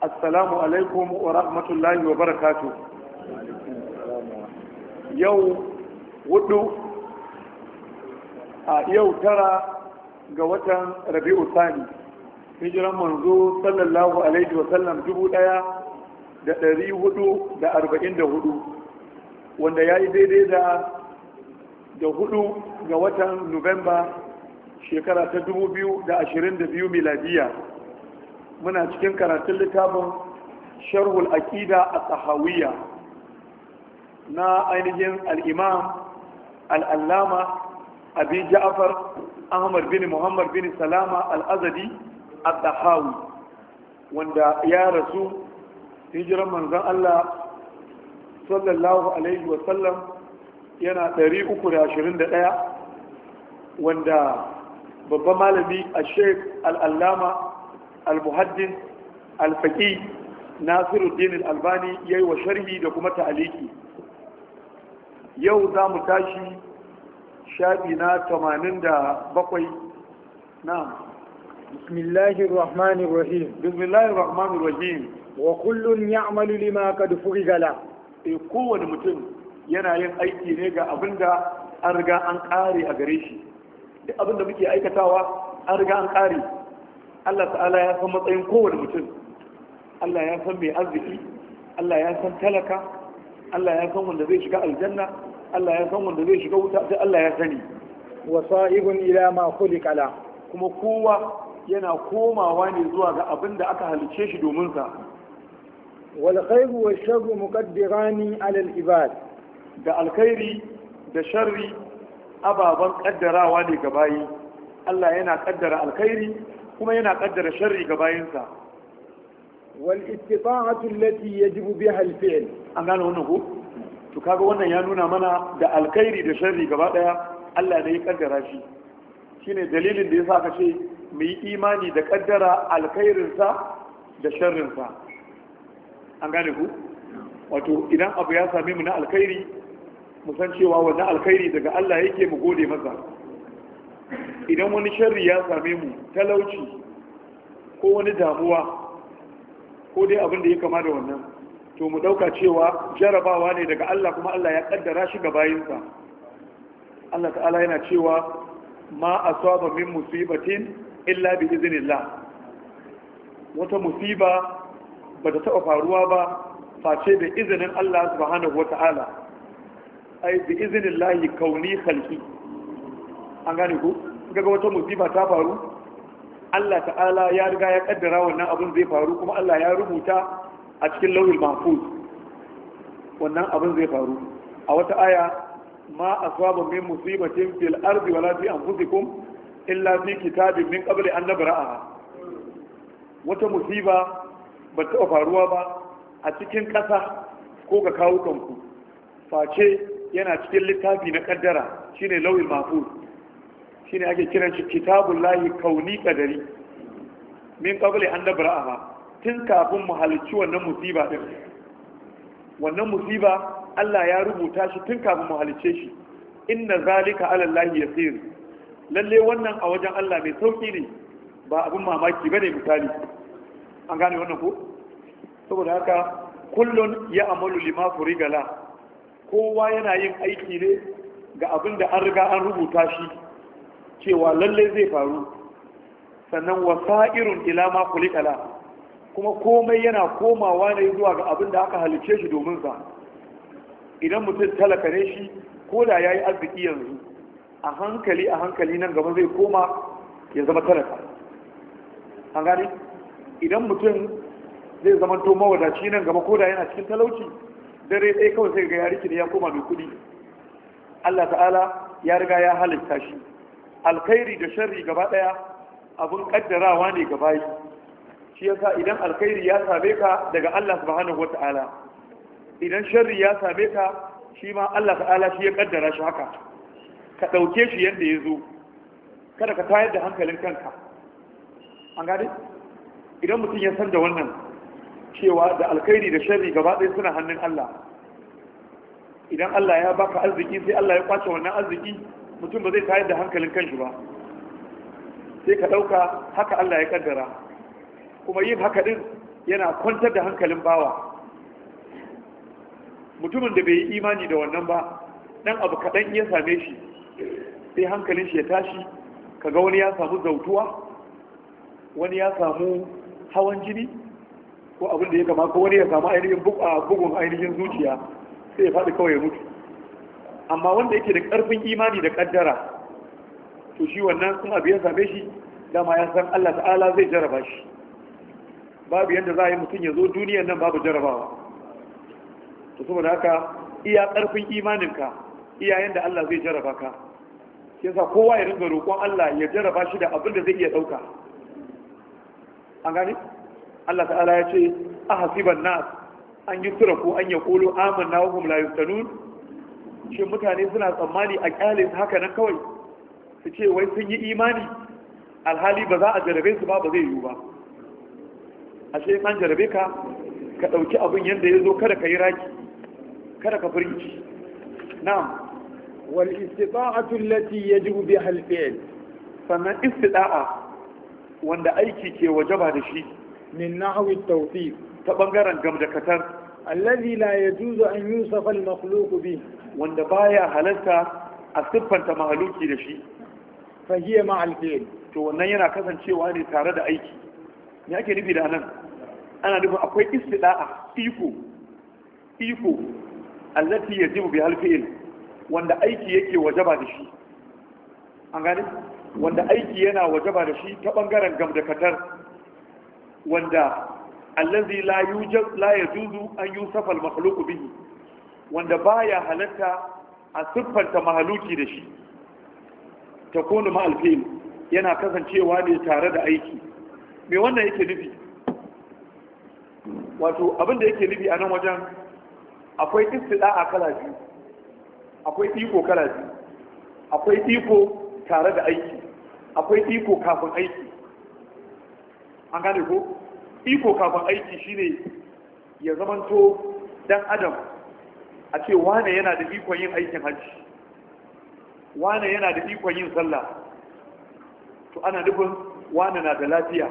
assalamu alaikum wa rahmatullahi wa barakatu yau hudu a yau tara ga watan rabi'u sani hijiran manzo sallallahu alaihi wa sallam dubu daya da dari hudu da arba'in da hudu wanda ya yi daidai da da hudu ga watan nuwamba shekara ta dubu biyu da ashirin da biyu miladiya muna cikin karatun littafin sharhul aqida a tahawiyya na ainihin al-imam al-allama abi ahmad bin muhammad bin salama al-azadi at-tahawi wanda ya rasu hijiran manzon Allah sallallahu alaihi wa sallam yana 321 wanda babban malami a sheik al'allama al-muhaddis al-faqih nasiruddin al-albani yayi wa sharhi da kuma ta'aliki yau za mu tashi shafi na 87 na'am bismillahir rahmanir rahim bismillahir rahmanir rahim wa kullun ya'malu lima qad furiga la eh kowane mutum yana yin aiki ne ga abinda an riga an kare a gare shi duk abinda muke aikatawa an riga an ƙare. Allah ta'ala ya san matsayin kowane mutum Allah ya san mai arziki Allah ya san talaka Allah ya san wanda zai shiga aljanna Allah ya san wanda zai shiga wuta sai Allah ya sani wa sa'ibun ila ma khuliqa kuma kowa yana komawa ne zuwa ga abin da aka halice shi domin sa wal khairu wash sharru muqaddirani ala al ibad da alkhairi da sharri ababan kaddarawa ne ga bayi Allah yana kaddara alkhairi kuma yana kaddara sharri ga bayansa wal istita'atu allati yajibu biha al fi'l an gano wannan ko to kaga wannan ya nuna mana da alkhairi da sharri gaba daya Allah ne ya kaddara shi shine dalilin da yasa aka ce mu yi imani da kaddara alkhairinsa da sa an gane ku wato idan abu ya same mu na alkhairi mu san cewa wannan alkhairi daga Allah yake mu gode masa idan wani sharri ya same mu talauci ko wani damuwa ko dai abin da ya kama da wannan to mu dauka cewa jarabawa ne daga Allah kuma Allah ya kaddara shi ga bayinsa Allah ta'ala yana cewa ma asaba min musibatin illa bi iznillah wata musiba ba ta taba faruwa ba face da izinin Allah subhanahu wata'ala ai bi iznillah kauni khalqi an gane ku ga wata musiba ta faru Allah ta'ala ya riga ya kaddara wannan abin zai faru kuma Allah ya rubuta a cikin lauhul mahfuz wannan abin zai faru a wata aya ma aswaba min musibatin fil ardi wala fi anfusikum illa fi kitabin min qabli an nabra'a wata musiba ba ta faruwa ba a cikin ƙasa ko ga kawukan kanku face yana cikin littafi na kaddara shine lauhul mahfuz shine ake kiran shi kitabun lahi kauni kadari min qabli an da tun kafin mu halicci wannan musiba din wannan musiba Allah ya rubuta shi tun kafin mu halicce shi inna zalika ala lahi yasir lalle wannan a wajen Allah mai sauki ne ba abin mamaki bane misali an gane wannan ko saboda haka kullun ya amalu lima furigala kowa yana yin aiki ne ga abin da an riga an rubuta shi cewa lalle zai faru sannan wasa'irun ila ma kulikala kuma komai yana komawa ne zuwa ga abin da aka halice shi domin sa idan mutum talaka ne shi ko da yayi arziki yanzu a hankali a hankali nan gaba zai koma ya zama talaka an gani idan mutum zai zama to mawadaci nan gaba ko da yana cikin talauci dare ɗaya kawai sai ga ya da ya koma mai kuɗi Allah ta'ala ya riga ya halitta shi alkhairi da sharri gaba daya abun kaddarawa ne ga bayi shi yasa idan alkhairi ya same ka daga Allah subhanahu wata'ala idan sharri ya same ka shi ma Allah ta'ala shi ya kaddara shi haka ka dauke shi yanda ya zo kada ka tayar da hankalin kanka an gane idan mutum ya san da wannan cewa da alkhairi da sharri gaba ɗaya suna hannun Allah idan Allah ya baka arziki sai Allah ya kwace wannan arziki mutum ba zai tayar da hankalin kanshi ba sai ka ɗauka haka Allah ya kaddara kuma yin haka din yana kwantar da hankalin bawa mutumin da bai yi imani da wannan ba dan abu kaɗan ya same shi sai hankalin shi ya tashi kaga wani ya samu zautuwa wani ya samu hawan jini ko abin da ya kama ko wani ya samu ainihin bugun ainihin zuciya sai ya faɗi kawai ya mutu amma wanda yake da karfin imani da ƙaddara to shi wannan sun abu ya same shi dama ya san Allah ta'ala zai jaraba shi babu yadda za a yi mutum ya zo duniyar nan babu jarabawa to saboda haka iya ƙarfin imaninka iya yadda Allah zai jaraba ka shi yasa kowa ya ringa roƙon Allah ya jaraba shi da abin da zai iya ɗauka an gani Allah ta'ala ya ce ahasiban nas an yi ko an yaqulu amanna wa hum la yuftanun shi mutane suna tsammani a kyale su haka nan kawai su ce wai sun yi imani alhali ba za a jarabe su ba ba zai yiwu ba ashe an jarabe ka ka ɗauki abin yadda ya zo kada ka yi raki kada ka firgici na'am wal istita'atu allati yajibu biha al fi'l sannan istida'a wanda aiki ke wajaba da shi min nahwi tawfiq ta bangaren gamdakatar allazi la yajuzu an yusafa al makhluq bihi wanda baya halarta a siffanta mahaluki da shi fa hiya to wannan yana kasancewa ne tare da aiki me ake nufi da nan ana nufin akwai istida'a iko iko allati yajibu bi alfi'l wanda aiki yake wajaba da shi an gane wanda aiki yana wajaba da shi ta bangaren gamdakatar wanda allazi la yujuz la yajuzu an yusafa al-makhluq bihi wanda baya halatta a siffanta mahaluki da shi ta kone ma'alfil yana kasancewa ne tare da aiki me wannan yake nufi wato abinda yake nufi a nan wajen akwai istila a kala biyu akwai iko kala biyu akwai iko tare da aiki akwai iko kafin aiki an gane ko iko kafin aiki shine ya zamanto dan adam a ce wane yana da ikon yin aikin hajji wane yana da ikon yin sallah to ana nufin wane na da lafiya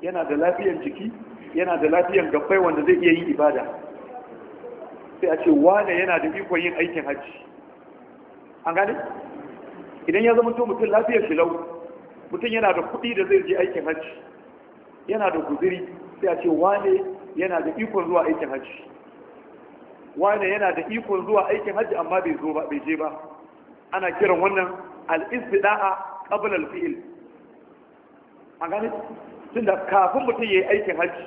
yana da lafiyar jiki yana da lafiyar gabbai wanda zai iya yin ibada sai a ce wane yana da ikon yin aikin hajji an gane idan ya zama to mutum lafiyar shi lau mutum yana da kuɗi da zai je aikin hajji yana da guziri sai a ce wane yana da ikon zuwa aikin hajji wane yana da ikon zuwa aikin hajji amma bai zo ba bai je ba ana kiran wannan al-istida'a qabla al-fi'l an gane tunda kafin mutum yayi aikin hajji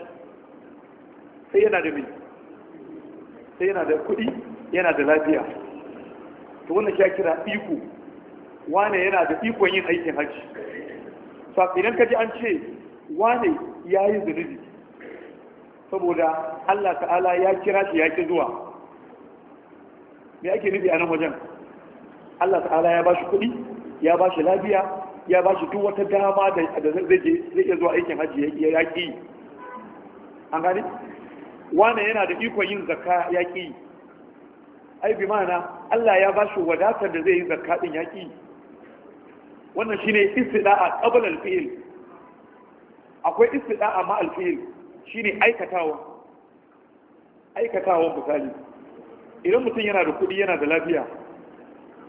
sai yana da mai sai yana da kuɗi yana da lafiya to wannan ya kira iko wane yana da ikon yin aikin hajji fa idan ka ji an ce wane yayi zunubi saboda Allah ta'ala ya kira shi ya ki zuwa me ake nufi a nan wajen Allah ta'ala ya bashi kuɗi ya bashi lafiya ya bashi duk wata dama da zai je zai iya zuwa aikin hajji ya yaƙi an gani wane yana da ikon yin zakka yaƙi ai bi mana Allah ya bashi wadatar da zai yi zakka din yaƙi wannan shine istida'a qabla al-fi'l akwai istida'a ma al-fi'l shine aikatawa aikatawan misali idan mutum yana da kuɗi yana da lafiya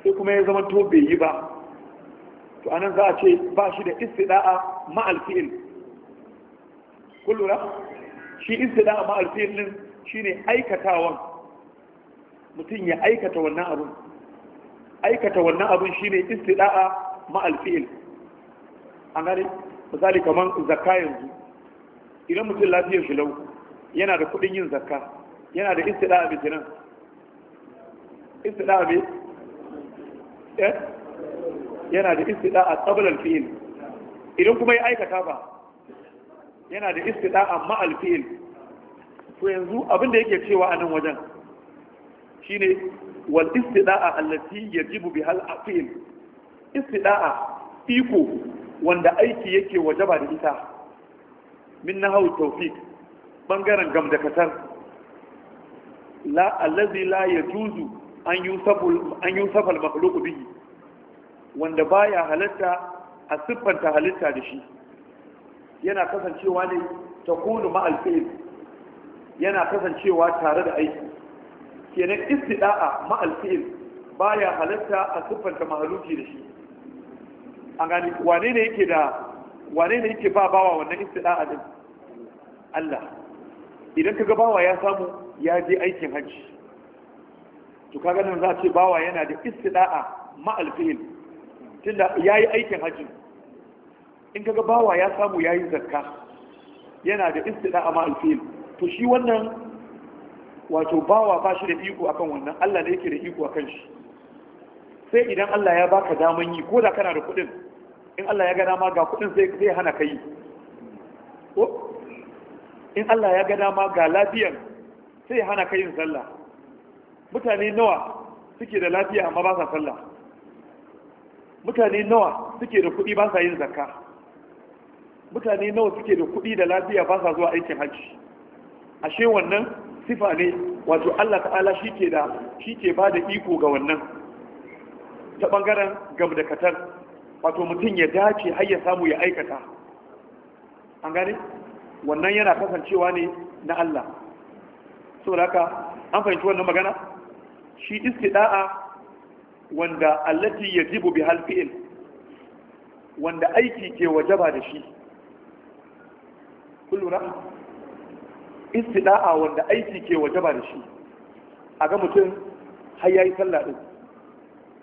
sai kuma ya zama to bai yi ba to anan za a ce ba shi da istida'a ma alfi'il kun shi istida'a ma alfi'il din shine aikatawan mutum ya aikata wannan abun aikata wannan abun shine istida'a ma alfi'il an gane misali kamar zakka yanzu idan mutum lafiyar shi lau yana da kuɗin yin zakka yana da istida'a bijinan istida ne eh? yana da istida a tsabalar fi'il idan kuma ya aikata ba yana da istida a ma'al fi'il to yanzu abin da yake cewa anan wajen shine wal istida'a allati yajibu biha al fi'il istida'a iko wanda aiki yake wajaba da ita min nahawu tawfiq bangaren gamdakatar la allazi la yajuzu an yusafa al-makhluq bihi wanda baya halatta a siffanta halitta da shi yana kasancewa ne ta kunu ma'al yana kasancewa tare da aiki kenan istida'a ma'al ba baya halatta a siffanta mahaluki da shi a gani wane ne yake da wane ne yake ba bawa wannan istida'a din Allah idan ka ga bawa ya samu ya je aikin hajji to kaga nan za ce bawa yana da istida'a ma alfihil tunda yayi aikin haji in kaga bawa ya samu yayi zakka yana da istida'a ma alfihil to shi wannan wato bawa ba shi da iko akan wannan Allah ne yake da iko akan shi sai idan Allah ya baka daman yi ko da kana da kuɗin in Allah ya ga dama ga kuɗin sai zai hana ka yi in Allah ya ga dama ga lafiyar sai hana ka yin sallah mutane nawa suke da lafiya amma ba sa sallah mutane nawa suke da kuɗi ba sa yin zakka mutane nawa suke da kuɗi da lafiya ba sa zuwa aikin hajji ashe wannan sifa ne wato Allah ta'ala shi ke da shi ke ba da iko ga wannan ta bangaren gam da katar wato mutum ya dace har ya samu ya aikata an gane wannan yana kasancewa ne na Allah saboda haka an fahimci wannan magana shi istida'a wanda allati yajibu bi halfi'il wanda aiki ke wajaba da shi iski istida'a wanda aiki ke wajaba da shi a ga mutum har yayi sallah din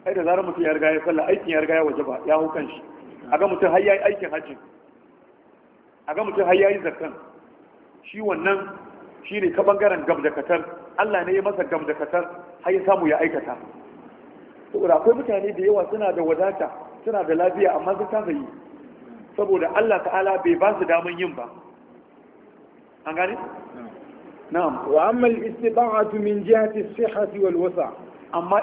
ai da zarar mutum ya riga ya sallah aikin ya riga ya wajaba ya hukan shi a ga mutum har yayi aikin hajji a ga mutum har yayi zakkan shi wannan shi ne ka bangaren gab Allah ne ya masa gamdakatar har ya samu ya aikata saboda akwai mutane da yawa suna da wadata suna da lafiya amma sun kasa yi saboda Allah ta'ala bai ba su daman yin ba an gane na'am wa amma al min jihati sihhati wal wasa amma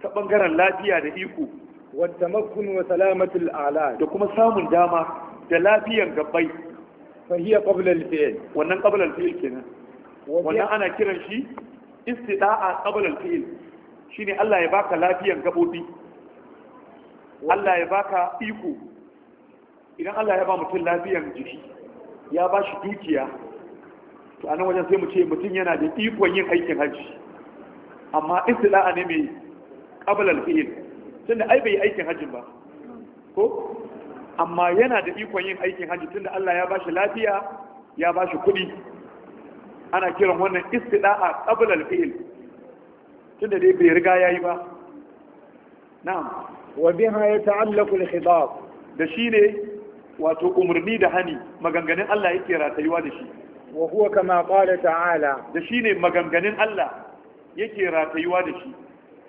ta bangaren lafiya da iko wa tamakkun wa salamatul a'la da kuma samun dama da lafiyar gabbai fa hiya qabla al-fi'l wannan qabla al-fi'l kenan wannan ana kiran shi istida'a qabla al-fi'l shine Allah ya baka lafiyan gabobi Allah ya baka iko idan Allah ya ba mutum lafiyan jiki ya ba shi dukiya to anan wajen sai mu ce mutum yana da ikon yin aikin hajji amma istida'a ne mai qabla al-fi'l tunda ai bai aikin hajjin ba ko amma yana da ikon yin aikin hajji tunda Allah ya ba shi lafiya ya ba shi kuɗi ana kiran wannan istida'a qabla al-fi'l tunda dai bai riga yayi ba na'am wa biha yata'allaqu al-khitab da shine wato umurni da hani maganganun Allah yake ratayuwa da shi wa huwa kama qala ta'ala da shine maganganun Allah yake ratayuwa da shi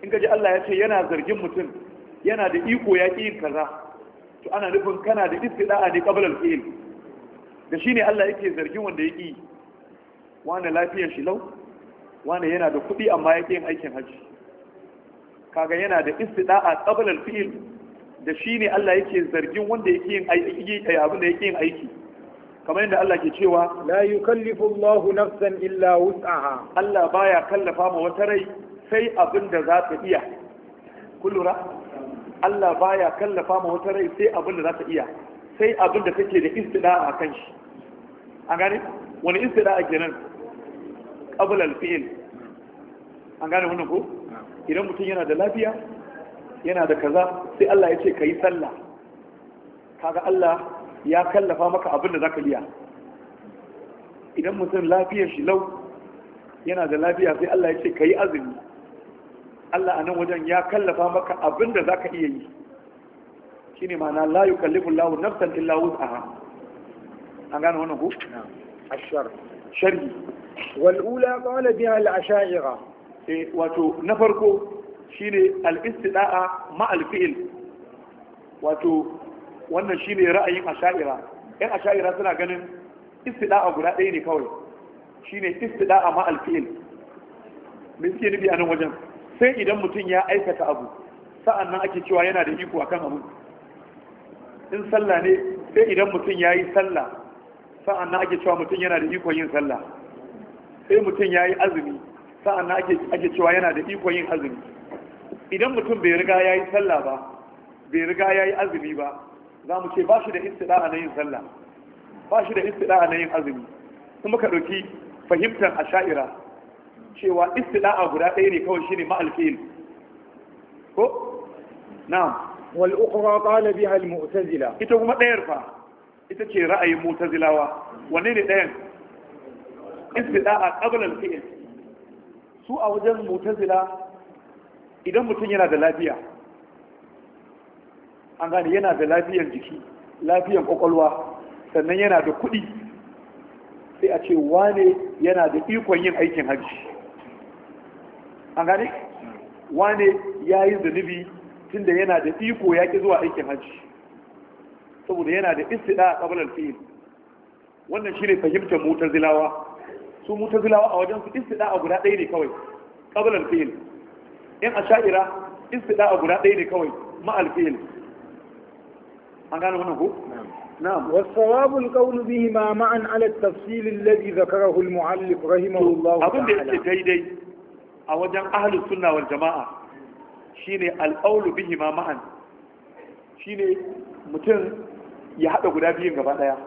in gaji Allah ya ce yana zargin mutum yana da iko ya yin kaza to ana nufin kana da istida'a ne qabla al-fi'l da shine Allah yake zargin wanda yake yi wani lafiyar shi lau wani yana da kuɗi amma yake yin aikin hajji kaga yana da istida'a qabla fi'il da shi ne Allah yake zargin wanda yake yin aiki abin da yake yin aiki kamar yadda Allah ke cewa la yukallifu Allahu nafsan illa wus'aha Allah baya kallafa ma wata rai sai abin da za ta iya kullura Allah baya kallafa ma wata rai sai abin da za ta iya sai abin da take da istida'a kan shi an gane wani istida'a kenan qabla al-fi'l an gane wannan ko idan mutum yana da lafiya yana da kaza sai Allah ya ce ka yi sallah kaga Allah ya kallafa maka abin da zaka biya idan mutum lafiya shi lau yana da lafiya sai Allah ya ce ka yi azumi Allah a nan wajen ya kallafa maka abin da zaka iya yi shine ma'ana la yukallifu Allahu nafsan illa wus'aha an gane wannan ko ashar sharhi wal'ula qala biha al-asha'ira eh wato na farko shine al-istida'a ma al-fi'l wato wannan shine ra'ayin asha'ira yan asha'ira suna ganin istida'a guda ɗaya ne kawai shine istida'a ma al-fi'l me suke nufi a wajen sai idan mutum ya aikata abu sa'an nan ake cewa yana da iko akan abu in sallah ne sai idan mutum ya yi sallah sa'an na ake cewa mutum yana da ikon yin sallah sai mutum ya yi azumi sa'an na ake cewa yana da ikon yin azumi idan mutum bai riga ya yi sallah ba bai riga ya yi azumi ba za mu ce ba shi da istida'a na yin sallah ba shi da istida'a na yin azumi kuma ka ɗauki fahimtar a sha'ira cewa istida'a guda ɗaya ne kawai shine ma'alfil ko na'am wal ukhra qala biha al ita kuma ɗayar fa ita ce ra'ayin mutazilawa wanne ne ɗayan istida'a a al-fi'l su a wajen mutazila idan mutum yana da lafiya an gane yana da lafiyan jiki lafiyan kwakwalwa sannan yana da kuɗi sai a ce wane yana da ikon yin aikin hajji an gane wane ya yi zunubi tunda yana da iko ya ƙi zuwa aikin hajji saboda yana da istida a qabla al wannan shine fahimtar mutazilawa su mutazilawa a wajen su istida a guda ɗaya ne kawai qabla al in in sha'ira istida a guda ɗaya ne kawai ma al an gane wannan ko نعم والصواب القول بهما معا على التفصيل الذي ذكره المؤلف رحمه الله تعالى أبن دي جيدي أوجه jama'a shine والجماعة شيني القول بهما معا شيني متن ya haɗa guda biyun gaba ɗaya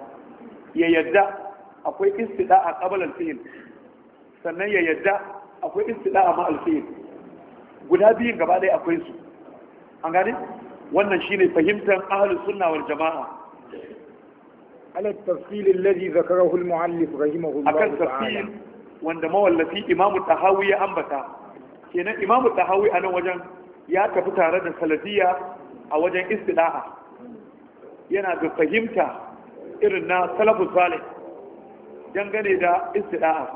ya yadda akwai istida a ƙabal alfihil sannan ya yadda akwai istida a ma alfihil guda biyun gaba ɗaya akwai su an gani, wannan shine fahimtar ahlus sunna wal jama'a ala tafsil alladhi zakarahu al-mu'allif rahimahu Allah akan tafsil wanda mawallafi imamu tahawi ya ambata kenan imamu tahawi a nan wajen ya tafi tare da salafiya a wajen istida'a yana da fahimta irin na salafus salih dangane da istida'a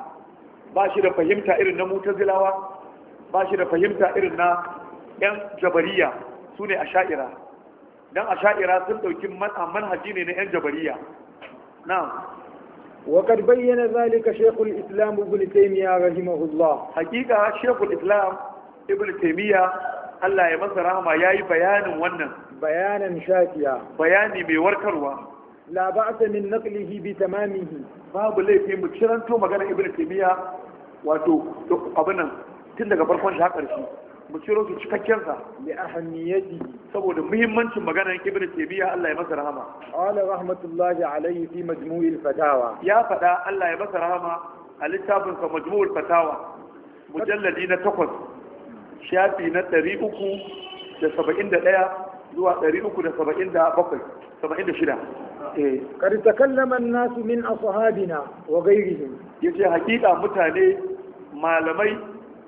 ba shi da fahimta irin na mutazilawa ba shi da fahimta irin na yan jabariya su ne a sha'ira don a sha'ira sun ɗauki manhaji ne na yan jabariya na وقد بين ذلك شيخ الإسلام ابن تيمية رحمه الله حقيقة شيخ الإسلام ابن Ya الله يمسر ya ياي بيان wannan. bayanan shafiya bayani mai warkarwa la ba'sa min naqlihi bi tamamihi babu laifi mu ciranto magana ibnu taymiya wato abin nan tun daga farkon shi ƙarshe mu ciro su cikakken sa li ahammiyati saboda muhimmancin maganar ibnu taymiya Allah ya masa rahama qala rahmatullahi alayhi fi majmu'il fatawa ya faɗa Allah ya masa rahama a littafin sa fatawa mujalladi na takwas shafi na ɗari uku da saba'in da ɗaya zuwa 377 kar eh, takallama nasu min ashabina wa Ya yace hakika mutane malamai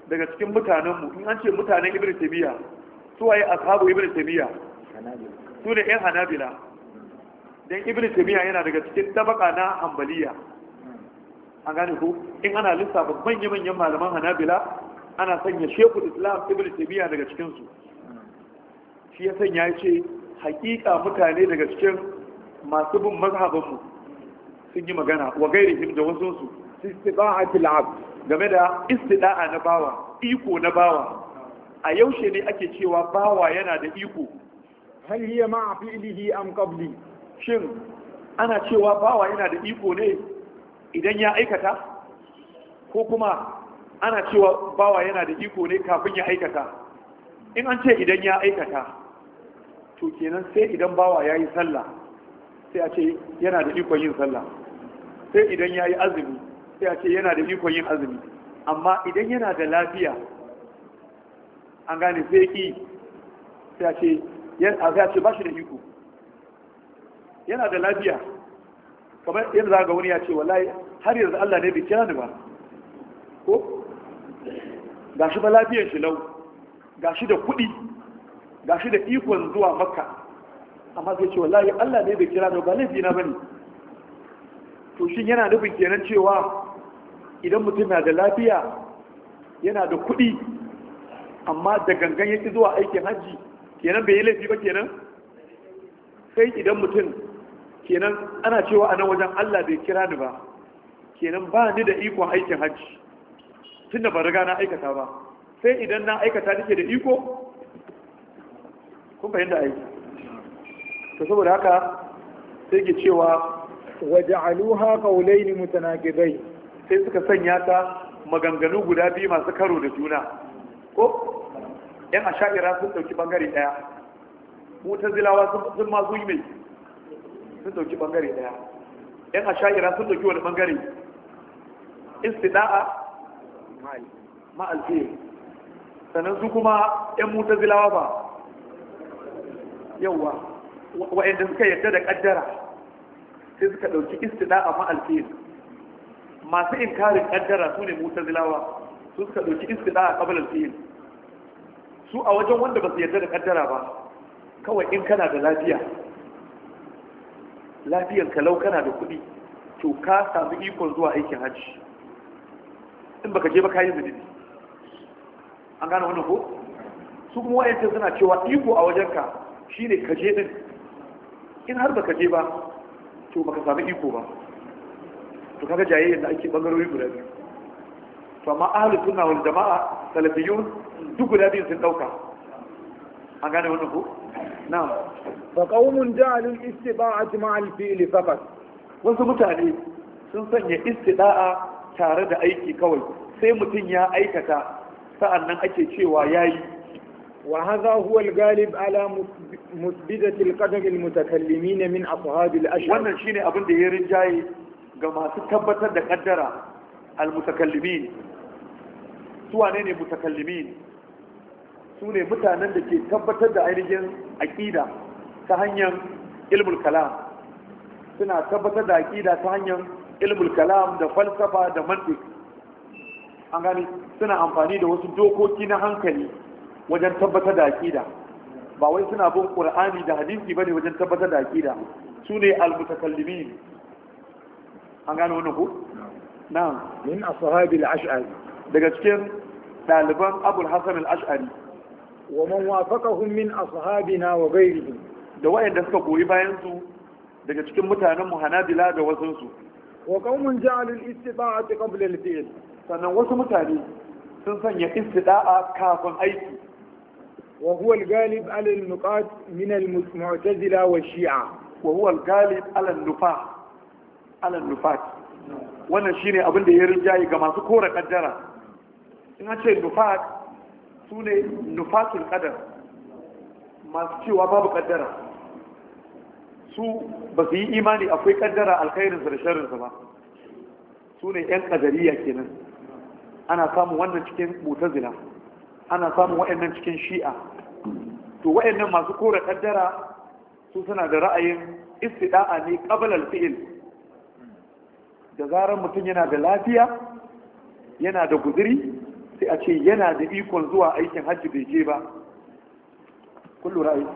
daga cikin mutanenmu in an ce mutanen ibn taymiya su waye ashabu ibn taymiya su ne yan hanabila dan ibn taymiya yana daga cikin tabaka na hanbaliya an gane ko in ana lissafa manya manyan malaman hanabila ana sanya shekul islam ibn taymiya daga cikin su shi ya sanya ya ce hakika mutane daga cikin masu bin mazhabinmu sun yi magana wa him da wasunsu istida'atul abd game da istida'a na bawa iko na bawa a yaushe ne ake cewa bawa yana da iko hal hiya ma'a fi'lihi am qabli shin ana cewa bawa yana da iko ne idan ya aikata ko kuma ana cewa bawa yana da iko ne kafin ya aikata in an ce idan ya aikata to kenan sai idan bawa ya yi sallah sai a ce yana da ikon yin sallah sai idan ya yi azumi sai a ce yana da ikon yin azumi amma idan yana da lafiya an gane sai ki sai a ce a ce ba shi da iko yana da lafiya kamar yadda za ga wani ya ce wallahi har yanzu Allah ne bai kira ni ba ko gashi ba lafiyar shi lau gashi da kuɗi Ga shi da ikon zuwa makka amma zai ce wallahi Allah ne bai kira da ba laifi na bane to shin yana nufin kenan cewa idan mutum na da lafiya yana da kuɗi amma da gangan yake zuwa aikin hajji kenan bai yi laifi ba kenan sai idan mutum kenan ana cewa a nan wajen Allah bai kira ni ba kenan ba ni da ikon aikin hajji tunda ba riga na aikata ba sai idan na aikata nake da iko kun fahimta ai to saboda haka sai ke cewa waja'aluha qawlayn mutanaqibai sai suka sanya ta maganganu guda biyu masu karo da juna ko yan asha'ira sun dauki bangare daya mutazilawa sun ma yi mai sun dauki bangare daya yan asha'ira sun dauki wani bangare istida'a ma'al sannan su kuma yan mutazilawa ba yawa wa'anda suka yarda da kaddara sai suka dauki istida a ma'alfin masu inkarin kaddara su ne zilawa su suka dauki a qabla fiye su a wajen wanda ba su yarda da kaddara ba kawai in kana da lafiya lafiyar kalau kana da kuɗi to ka samu ikon zuwa aikin hajji in baka je ba ka yi zunubi an gane wannan ko su kuma wa'ancin suna cewa iko a wajenka Shi ne kaje din in har ba kaje ba to baka sami iko ba to kaga jayayyar da ake bangarori guda biyu to amma ahalin suna wani jama'a salafiyun duk guda biyu sun ɗauka. an gane wannan ko na'am fa qaumun ja'alul istiba'ati ma'al fi'li faqat wasu mutane sun sanya istida'a tare da aiki kawai sai mutum ya aikata sa'annan ake cewa yayi وهذا هو الغالب على مثبتة القدم المتكلمين من أصحاب الأشهر wannan shine abin da ya rinjaye ga masu tabbatar da kaddara al su wane mutakallimin su ne mutanen da ke tabbatar da ainihin aqida ta hanyar ilmul kalam suna tabbatar da aqida ta hanyar ilmul kalam da falsafa da mantik. an gani suna amfani da wasu dokoki na hankali wajen tabbatar da akida ba wai suna bin qur'ani da hadisi bane wajen tabbatar da aqida su ne almutakallimin an gano wannan ko na'am min ashabi al-ash'ari daga cikin daliban abul hasan al-ash'ari wa man wafaqahum min ashabina wa ghayrihim da wayanda suka goyi bayan su daga cikin mutanen mu da wasun su wa qaumun ja'alu al-istita'ati qabla al-fi'l sannan wasu mutane sun sanya istida'a kafin aiki وهو الغالب على النقاط من المعتزلة والشيعة وهو الغالب على النفاة على النفاة وانا شيني ابن دي ya rinjaye ga masu kore kaddara in an ce nufat su ne nufatul kadar masu su ba su yi imani akwai kaddara alkhairinsa da sharrinsa ba su ne 'yan kadariya kenan ana samun wannan cikin mutazila zina ana samun wa'annan cikin shi'a to wa'annan masu kora kaddara su suna da ra'ayin istida'a ne qablal fi'il da zarar mutum yana da lafiya yana da guduri sai a ce yana da ikon zuwa aikin hajji bai je ba kullu ra'ayi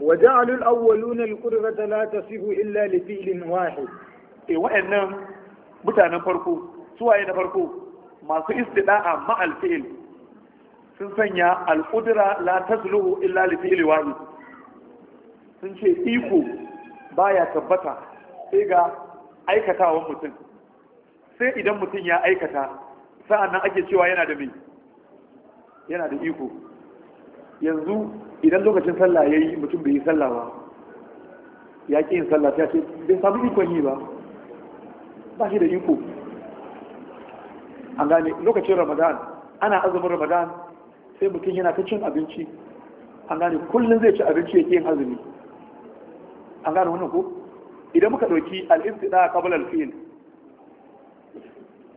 وجعلوا الأولون القربة لا تصف إلا filin واحد eh wa'annan mutanen farko su waye na farko masu istida'a ma alfi'il sun sanya al'udura la zuluhu illa li fi'li sun ce iko baya tabbata sai ga aikatawan mutum sai idan mutum ya aikata sa'an nan ake cewa yana da mai yana da iko yanzu idan lokacin sallah ya yi mutum bai yi sallah ba ya ƙi yin sallah ta ce bai samu ikon yi ba ba shi da iko an gane lokacin ramadan ana azumin ramadan sai mutum yana ta cin abinci an gane kullum zai ci abinci ya yin azumi an gane wannan ko idan muka ɗauki al'istida kabal alfil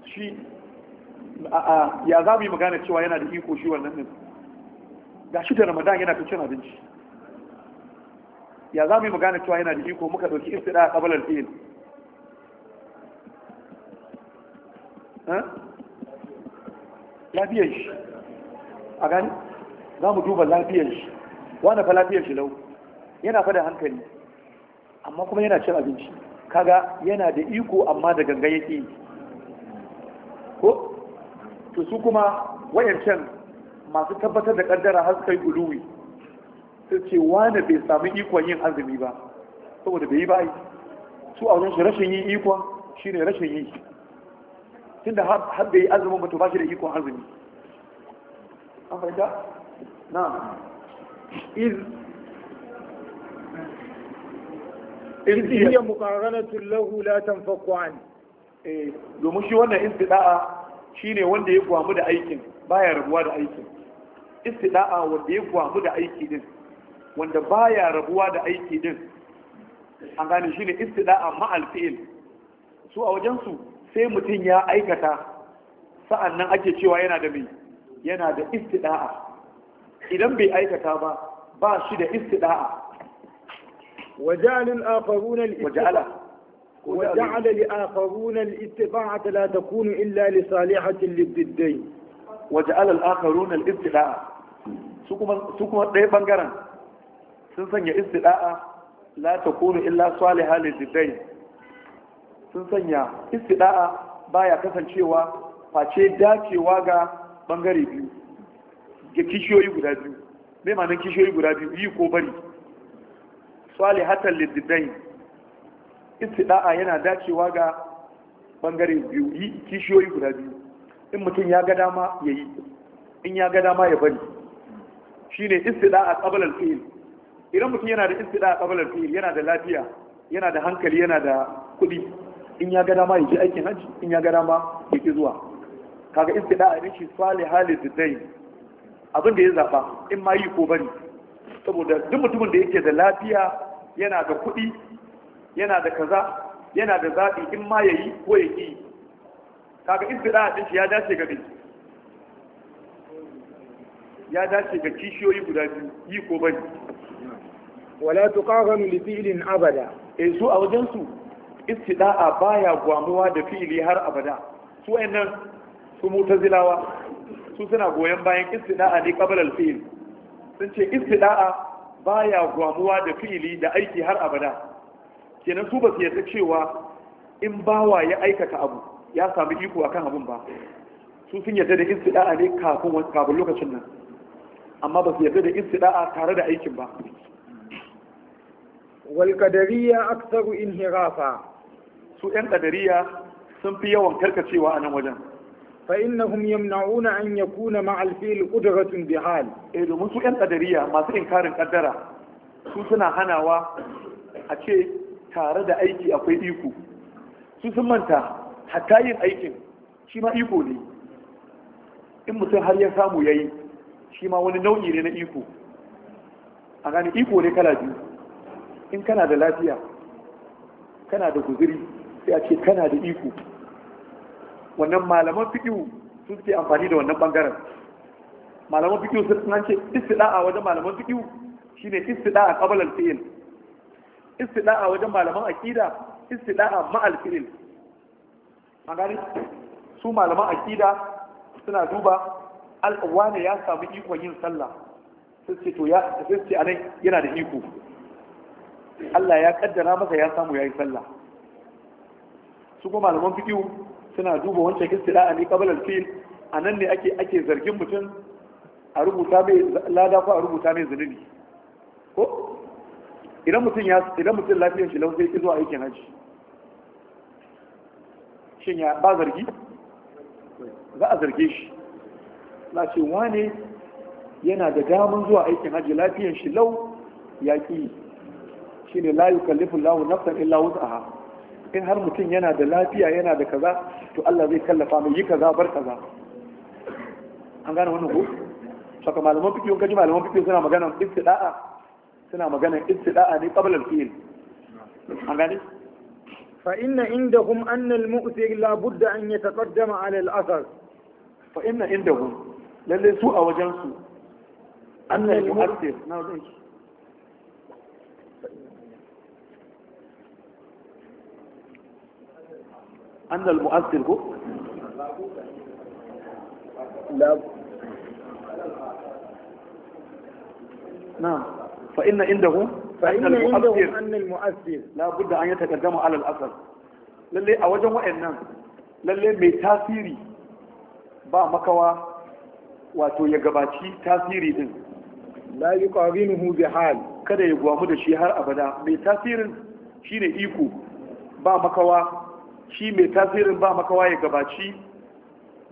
shi a ya za mu yi magana cewa yana da iko shi wannan din ga shi da ramadan yana ta cin abinci ya za mu yi magana cewa yana da iko muka ɗauki istida kabal alfil hm? lafiyar shi a gani za mu duba lafiyar shi wani fa lafiyar shi lau yana fa da hankali amma kuma yana cin abinci kaga yana da iko amma da ganga yake yi ko to su kuma wayancan masu tabbatar da kaddara har kai guduwi su ce wani bai samu ikon yin azumi ba saboda bai yi ba su a wurin shi rashin yin ikon shine rashin yi tunda har bai yi azumin ba to ba shi da ikon azumi an fahimta na iz irziya muqarranatu lahu la tanfaqu an eh domin shi wannan istida'a shine wanda ya gwamu da aikin baya rabuwa da aikin istida'a wanda ya gwamu da aiki din wanda baya rabuwa da aiki din an gane shine istida'a ma'al fi'il su a wajen su sai mutum ya aikata sa'an sa'annan ake cewa yana da mai yana da istida'a idan bai aikata ba ba shi da istida'a وجعل الآخرون illa وجعل الآخرون الاتباعة لا تكون إلا لصالحة للضدين وجعل الآخرون su kuma ɗaya ɓangaren sun sanya istida'a la ta illa saliha liddai sun sanya istida'a baya kasancewa face dacewa ga bangare biyu ga kishiyoyi guda biyu mai manan kishiyoyi guda biyu yi ko bari salihatan liddain istida'a yana dacewa ga bangare biyu yi kishiyoyi guda biyu in mutum ya ga dama ya yi in ya ga dama ya bari Shi ne istida'a qabla tsabalar fil idan mutum yana da istida'a qabla tsabalar fil yana da lafiya yana da hankali yana da kuɗi in ya ga dama ya ji aikin hajji in ya ga dama ya ki zuwa kaga istida a rishi sali hali zidai abin da ya zaba in ma yi ko bari saboda duk mutumin da yake da lafiya yana da kuɗi yana da kaza yana da zaɓi in ma yayi ko ya ƙi kaga istida a rishi ya dace ga bin ya dace ga kishiyoyi guda biyu yi ko bari wala tuqaranu li fi'lin abada E, su a wajen su istida'a baya gwamuwa da fi'li har abada su wayannan su mutazilawa su suna goyon bayan istida'a ne qabla al sun ce istida'a baya gwamuwa da fi'ili da aiki har abada kenan su ba su yarda cewa in bawa ya aikata abu ya samu iko akan abun ba su sun yarda da istida'a ne kafin kafin lokacin nan amma ba su yarda da istida'a tare da aikin ba wal qadariyya aktsaru inhirafa su yan ƙadariya sun fi yawan karkacewa a nan wajen فإنهم يمنعون أن يكون مع الفيل قدرة بحال Eh domin su 'yan ƙadariya masu inkarin ƙaddara su suna hanawa a ce tare da aiki akwai iko su sun manta hatta yin aikin shi ma iko ne in mutum har ya samu yayi shi ma wani nau'i ne na iko a gani iko ne kala biyu in kana da lafiya kana da guziri sai a ce kana da iko wannan malaman fiƙiyu sun suke amfani da wannan ɓangaren malaman fiƙiyu sun an ce istida'a wajen malaman fiƙiyu shine istida'a qabla al-fi'l istida'a wajen malaman aqida istida'a ma al-fi'l an gani su malaman aqida suna duba al'uwane ya samu ikon yin sallah sun ce to ya ce ce anai yana da iko Allah ya kaddara masa ya samu yayi sallah su kuma malaman fiƙiyu suna duba wancan a ne kabal alfil fil nan ne ake ake zargin mutum a rubuta mai lada ko a rubuta mai zunubi ko idan mutum ya idan mutum lafiyar shi lausai ki zuwa aikin haji shin ya ba zargi za a zarge shi na ce wane yana da daman zuwa aikin haji lafiyar shi lau ya ki shine la yukallifu Allahu nafsan illa wus'aha in har mutum yana da lafiya yana da kaza to Allah zai kallafa mai yi kaza bar kaza an gane wannan ko saka malaman fikiyo ji malaman fikiyo suna magana ibtida'a suna magana ibtida'a ne qabla al-fi'l an gane fa inna indahum anna al-mu'thir la budda an yataqaddama 'ala al-athar fa inna indahum lalle su a wajen su anna al na wajen أن المؤثر هو لا نعم فإن عنده فإن عنده أن المؤثر لا بد أن يتقدم على الأصل للي أوجه وإنه للي متاثيري با مكوا wato ya gabaci tasiri din la yi ƙarin huzi hal kada ya gwamu da shi har abada mai tasirin shine iko ba makawa shi mai tasirin ba makawa ya gabaci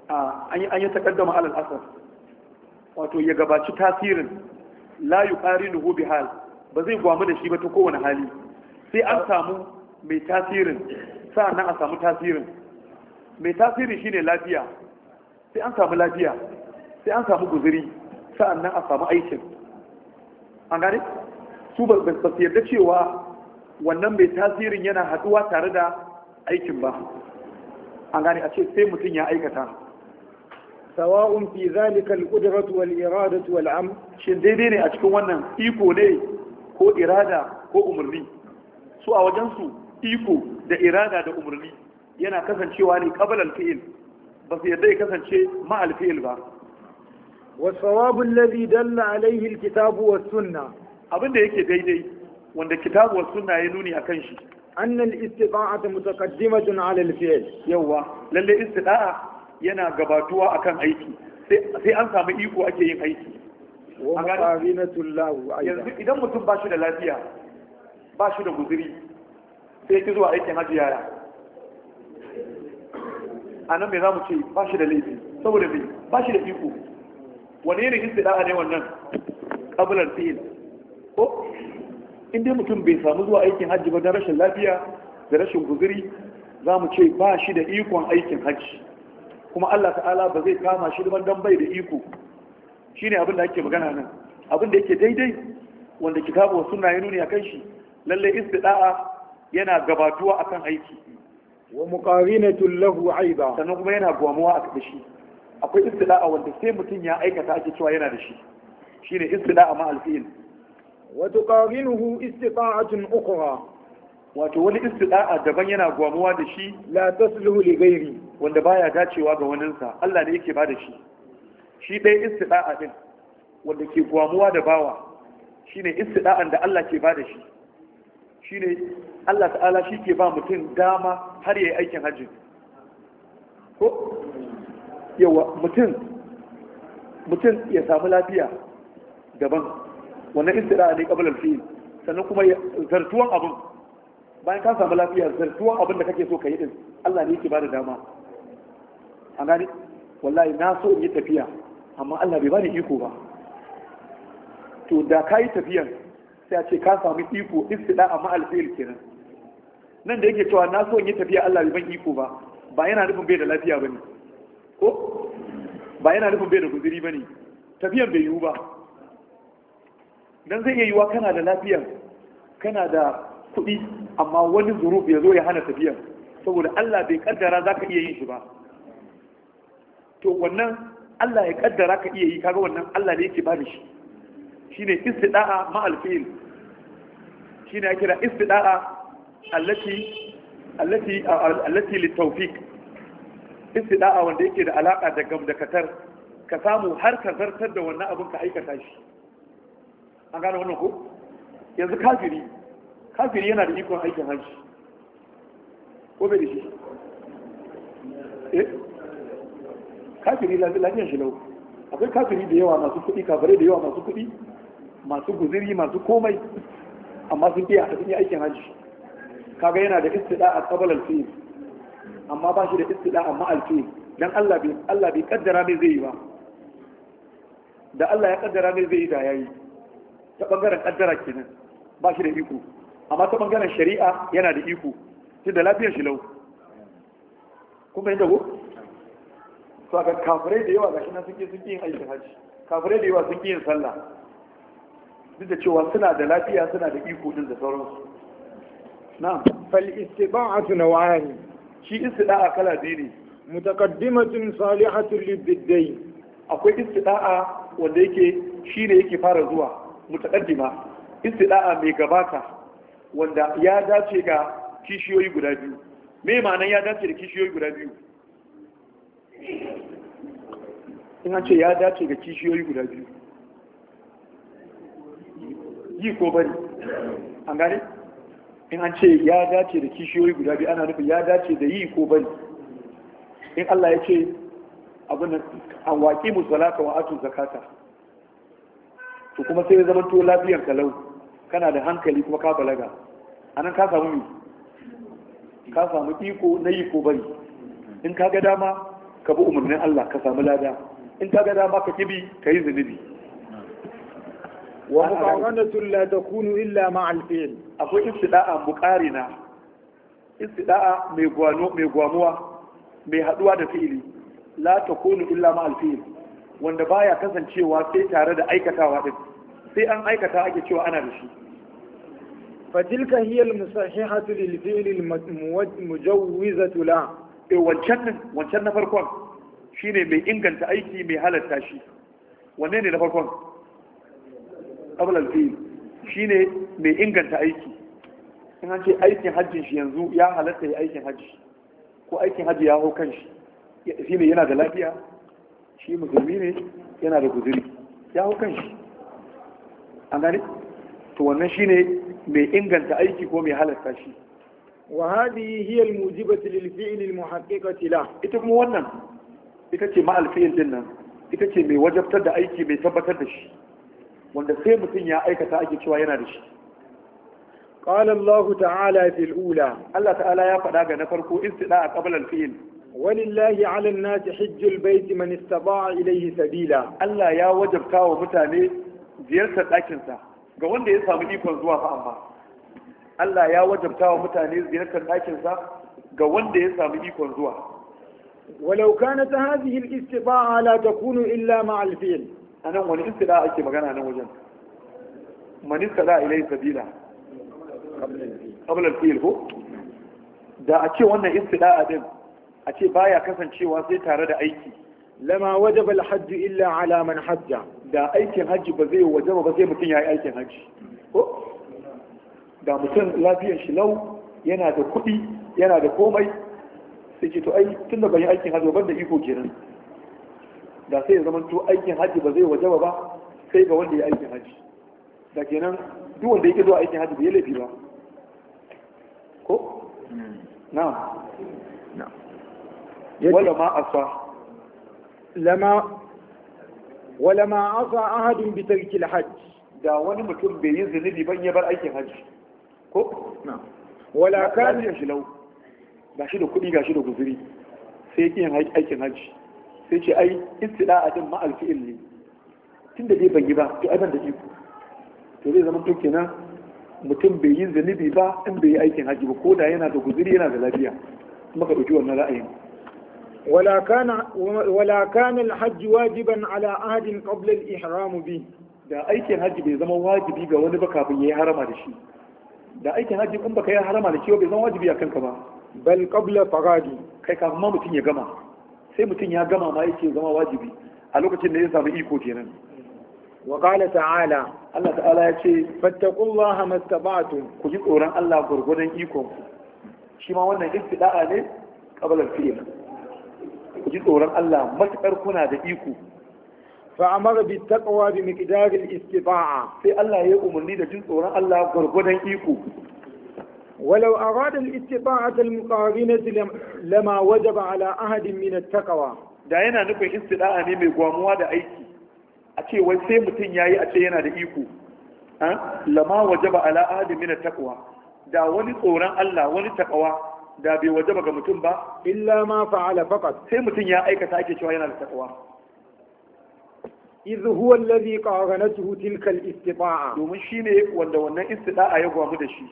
an yi takaddama alal asar wato ya gabaci tasirin la yuqarinuhu bihal ba zai gwamu da shi ba ta kowane hali sai an samu mai tasirin sa'annan a samu tasirin mai tasiri shine lafiya sai an samu lafiya sai an samu guzuri sa'annan a samu aikin an gane su ba su yarda cewa wannan mai tasirin yana haduwa tare da aikin ba an gane a ce sai mutum ya aikata sawa'un fi zalika al-qudratu wal iradatu wal am shin daidai ne a cikin wannan iko ne ko irada ko umarni su a wajen su iko da irada da umarni yana kasancewa ne qabla al-fi'l ba su dai kasance ma al-fi'l ba wa sawabu alladhi dalla alayhi al-kitabu was sunnah abinda yake daidai wanda kitabu was sunnah ya nuni akan shi annal istita'atu mutaqaddimatun 'ala al-fi'l yawa lalle istita'a yana gabatuwa akan aiki sai an samu iko ake yin aiki wa muqarinatul lahu yanzu idan mutum ba shi da lafiya ba shi da guzuri sai ki zuwa aikin hajji a nan mai za mu ce ba shi da laifi saboda mai ba shi da iko wani irin istida'a ne wannan kabilar fi'il in dai mutum bai samu zuwa aikin hajji ba don rashin lafiya da rashin guziri za mu ce ba shi da ikon aikin hajji kuma Allah ta'ala ba zai kama shi ban dan bai da iko ne abin da ake magana nan abin da yake daidai wanda kitabu wa suna ya nuni kan shi lallai istida'a yana gabatuwa a kan aiki wa ne lahu aiba sannan kuma yana gwamuwa a kaɗa shi akwai istida'a wanda sai mutum ya aikata ake cewa yana da shi shine istida'a ma alfi'il وتقارنه استطاعة أخرى wato wani istida'a daban yana gwamuwa da shi la tasluhu li ghairi wanda baya dacewa ga waninsa Allah ne yake bada shi shi dai istida'a din wanda ke gwamuwa da bawa shine istida'an da Allah ke bada shi shine Allah ta'ala shi ke ba mutum dama har yayi aikin hajji ko yawa mutum mutum ya samu lafiya daban wannan istira ne kabilar fiye sannan kuma zartuwan abun bayan ka samu lafiya zartuwan abun da kake so ka yi din Allah ne yake bada dama a gani wallahi na so in yi tafiya amma Allah bai bani iko ba to da ka yi tafiyan sai a ce ka samu iko istira amma al-fi'l kenan nan da yake cewa na so in yi tafiya Allah bai ban iko ba ba yana nufin bai da lafiya ba ne, ko ba yana nufin bai da guzuri ne, tafiyan bai yiwu ba dan zai iya yiwa kana da lafiyan kana da kuɗi amma wani zuruf ya zo ya hana tafiyan saboda Allah bai kaddara zaka iya yin shi ba to wannan Allah ya kaddara ka iya yi kaga wannan Allah ne yake bani shi shine istida'a ma alfil shine ake da istida'a allati allati allati litawfiq istida'a wanda yake da alaka da gamdakatar ka samu har ka zartar da wannan abin ka aikata shi an gane wannan ko yanzu kafiri kafiri yana da ikon aikin hajji ko bai da shi eh? kafiri lafiyar shi lau akwai kafiri da yawa masu kuɗi kafare da yawa masu kuɗi masu guziri masu komai amma sun iya a cikin aikin hajji kaga yana da istida a qabal al amma ba shi da istida amma al don dan Allah bai Allah bai kaddara mai zai yi ba da Allah ya kaddara mai zai yi da yayi ta bangaren kaddara kenan ba shi da iko amma ta bangaren shari'a yana da iko sai da lafiyar shi lau kun fahimta ko to ga kafirai da yawa gashi nan suke suke yin aikin haji kafirai da yawa suke yin sallah duk da cewa suna da lafiya suna da iko din da sauransu na'am fal istiba'atu nawani shi istida'a kala biyu ne mutaqaddimatun salihatun libiddain akwai istida'a wanda yake ne yake fara zuwa mutaqaddima istida'a mai gabata wanda ya dace ga kishiyoyi guda biyu me ma'anan ya dace da kishiyoyi guda biyu in an ce ya dace ga kishiyoyi guda biyu yi ko bari an gane in an ce ya dace da kishiyoyi guda biyu ana nufin ya dace da yi ko bari in Allah ya ce abin nan an waƙi musalata wa zakata to kuma sai zama to lafiyar kalau kana da hankali kuma ka balaga anan ka samu mi ka samu iko na yi ko bari in ka ga dama ka bi umarnin Allah ka samu lada in ka ga dama ka kibi ka yi zunubi wa muqaranatun la takunu illa ma'a al-fi'l akwai istida'a muqarina istida'a mai gwano mai gwamuwa mai haduwa da fi'ili la takunu illa ma'a al-fi'l wanda baya kasancewa sai tare da aikatawa din sai an aikata ake cewa ana da shi fatilka hiya al-musahihatu lil fi'l al la eh wancan wancan na farkon shine mai inganta aiki mai halatta shi wanne ne na farkon qabla al-fi'l shine mai inganta aiki in an ce aikin hajjin shi yanzu ya halatta ya aikin hajji ko aikin hajji ya hau kan shi shine yana da lafiya shi musulmi ne yana da guzuri ya hau kan shi an gane to wannan shine mai inganta aiki ko mai halarta shi wa hadhihi hiya almujibatu mujibatu lil fi'l la ita kuma wannan ita ce ma fi'l din nan ita ce mai wajabtar da aiki mai tabbatar da shi wanda sai mutum ya aikata ake cewa yana da shi قال الله تعالى في الأولى الله تعالى يا فداغا نفرقو استداء قبل الفيل ولله على الناس حج البيت من استطاع إليه سبيلا Allah ya وجب كاو mutane. ziyartar ɗakinsa ga wanda ya samu ikon zuwa fa amma Allah ya wajabta wa mutane ziyartar ɗakinsa ga wanda ya samu ikon zuwa walau kanat hadhihi al-istiba'a la takunu illa ma'a al-fi'l anan wani istida'a ake magana nan wajen man istada'a ilayhi sabila qabla al-fi'l ko da a ce wannan istida'a din a ce baya kasancewa sai tare da aiki lama wajaba illa ala hajja da aikin hajji ba zai waje ba sai mutum ya yi aikin hajji ko da mutum lafiyar shi lau yana da kuɗi yana da komai sai ce to ai tun da ban yi aikin hajji ban da iko kenan da sai ya zama to aikin hajji ba zai waje ba sai ga wanda ya aikin hajji da kenan duk wanda yake zuwa aikin hajji bai laifi ba ko na'am wala ma asfa lama wala ma asa ahadun bi tarkil hajj da wani mutum bai yi zunubi ban ya bar aikin hajji ko na wala kan shilau ga gashi da kuɗi gashi da guzuri sai yake yin aikin hajji sai ce ai istida'a din ma alfi'il ne tunda dai ban yi ba to ai ban da iko to zai zama to kenan mutum bai yi zunubi ba in bai yi aikin hajji ba ko da yana da guzuri yana da lafiya kuma ka ɗauki wannan ra'ayin ولا كان ولا كان الحج واجبا على أحد قبل الإحرام به da aikin hajji bai zama wajibi ga wani ba kafin yayi harama da shi da aikin hajji in baka yi harama da shi bai zama wajibi a kanka ba bal qabla faradi kai kafin ma mutum ya gama sai mutum ya gama ma yake zama wajibi a lokacin da ya samu iko kenan wa qala ta'ala Allah ta'ala ya ce fattaqullaha mastata'tum ku ji tsoron Allah gurgurdan iko. ku shi ma wannan istida'a ne qabla al-fi'l ku ji tsoron Allah matukar kuna da iko fa amara bi taqwa bi miqdaril istifa'a sai Allah ya umarni da jin tsoron Allah gurgudan iko ولو أراد الاستطاعة المقارنة لما وجب على أحد من التقوى da yana nufin istida'a ne mai gwamuwa da aiki a ce wai sai mutum yayi a ce yana da iko lama wajaba ala ahadi min taqwa da wani tsoron Allah wani taqwa da bai waje ga mutum ba illa ma fa'ala faqat sai mutum ya aikata ake cewa yana da takwa iz huwa alladhi qaranatuhu tilka al-istifa'a domin shine wanda wannan istida'a ya gwamu da shi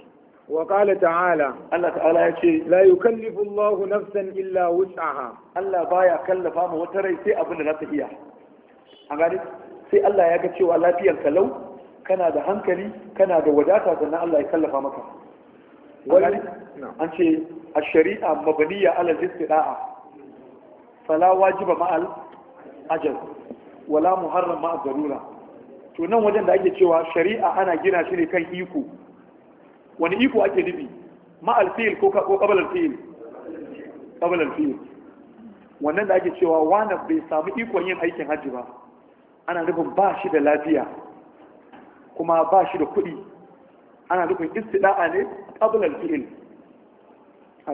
wa qala ta'ala Allah ta'ala ya ce la yukallifu Allahu nafsan illa wus'aha Allah baya kallafa ma wata rai sai abin da za ta iya A gani sai Allah ya ga cewa lafiyar kalau kana da hankali kana da wadata sannan Allah ya kallafa maka wani an ce a shari'a mabaniya ala zistida'a fala wajiba ma'al ajal wala muharram ma'a zarura to nan wajen da ake cewa shari'a ana gina shi ne kan iko wani iko ake nufi ma'al fi'il ko qabala fi'il qabala fi'il wannan da ake cewa wani bai samu iko yin aikin hajji ba ana nufin ba shi da lafiya kuma ba shi da kuɗi ana nufin istida'a ne qabla al-fi'l a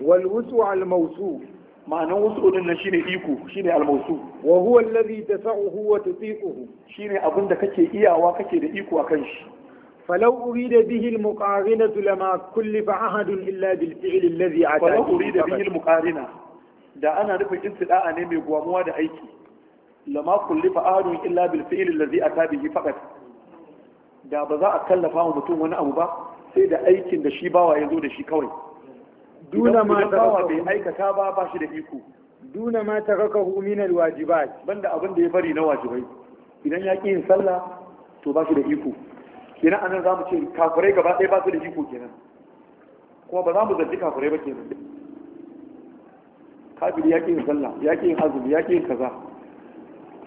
wal wusu al mawsu ma'anan wusu din nan shine iko shine al mawsu wa huwa alladhi tasa'uhu wa tutiquhu shine abin da kake iyawa kake da iko akan shi فلو أريد به المقارنة لما كلف عهد إلا بالفعل الذي عتاه فلو أريد به المقارنة da ana nufin istida'a ne mai gwamuwa da aiki lama kullifa ahadun illa bil fi'l allazi ata bihi faqat da ba za a kallafa wa mutum wani abu ba sai da aikin da shi bawa ya zo da shi kawai duna ma bawa bai aikata ba ba shi da iko duna ma raka min alwajibat banda abin da ya bari na wajibai idan ya ki yin sallah to ba shi da iko kenan anan zamu ce kafirai gaba ɗaya ba su da iko kenan kuma ba za mu zargi kafirai ba kenan kafiri ya ki yin sallah ya ki yin azumi ya ki yin kaza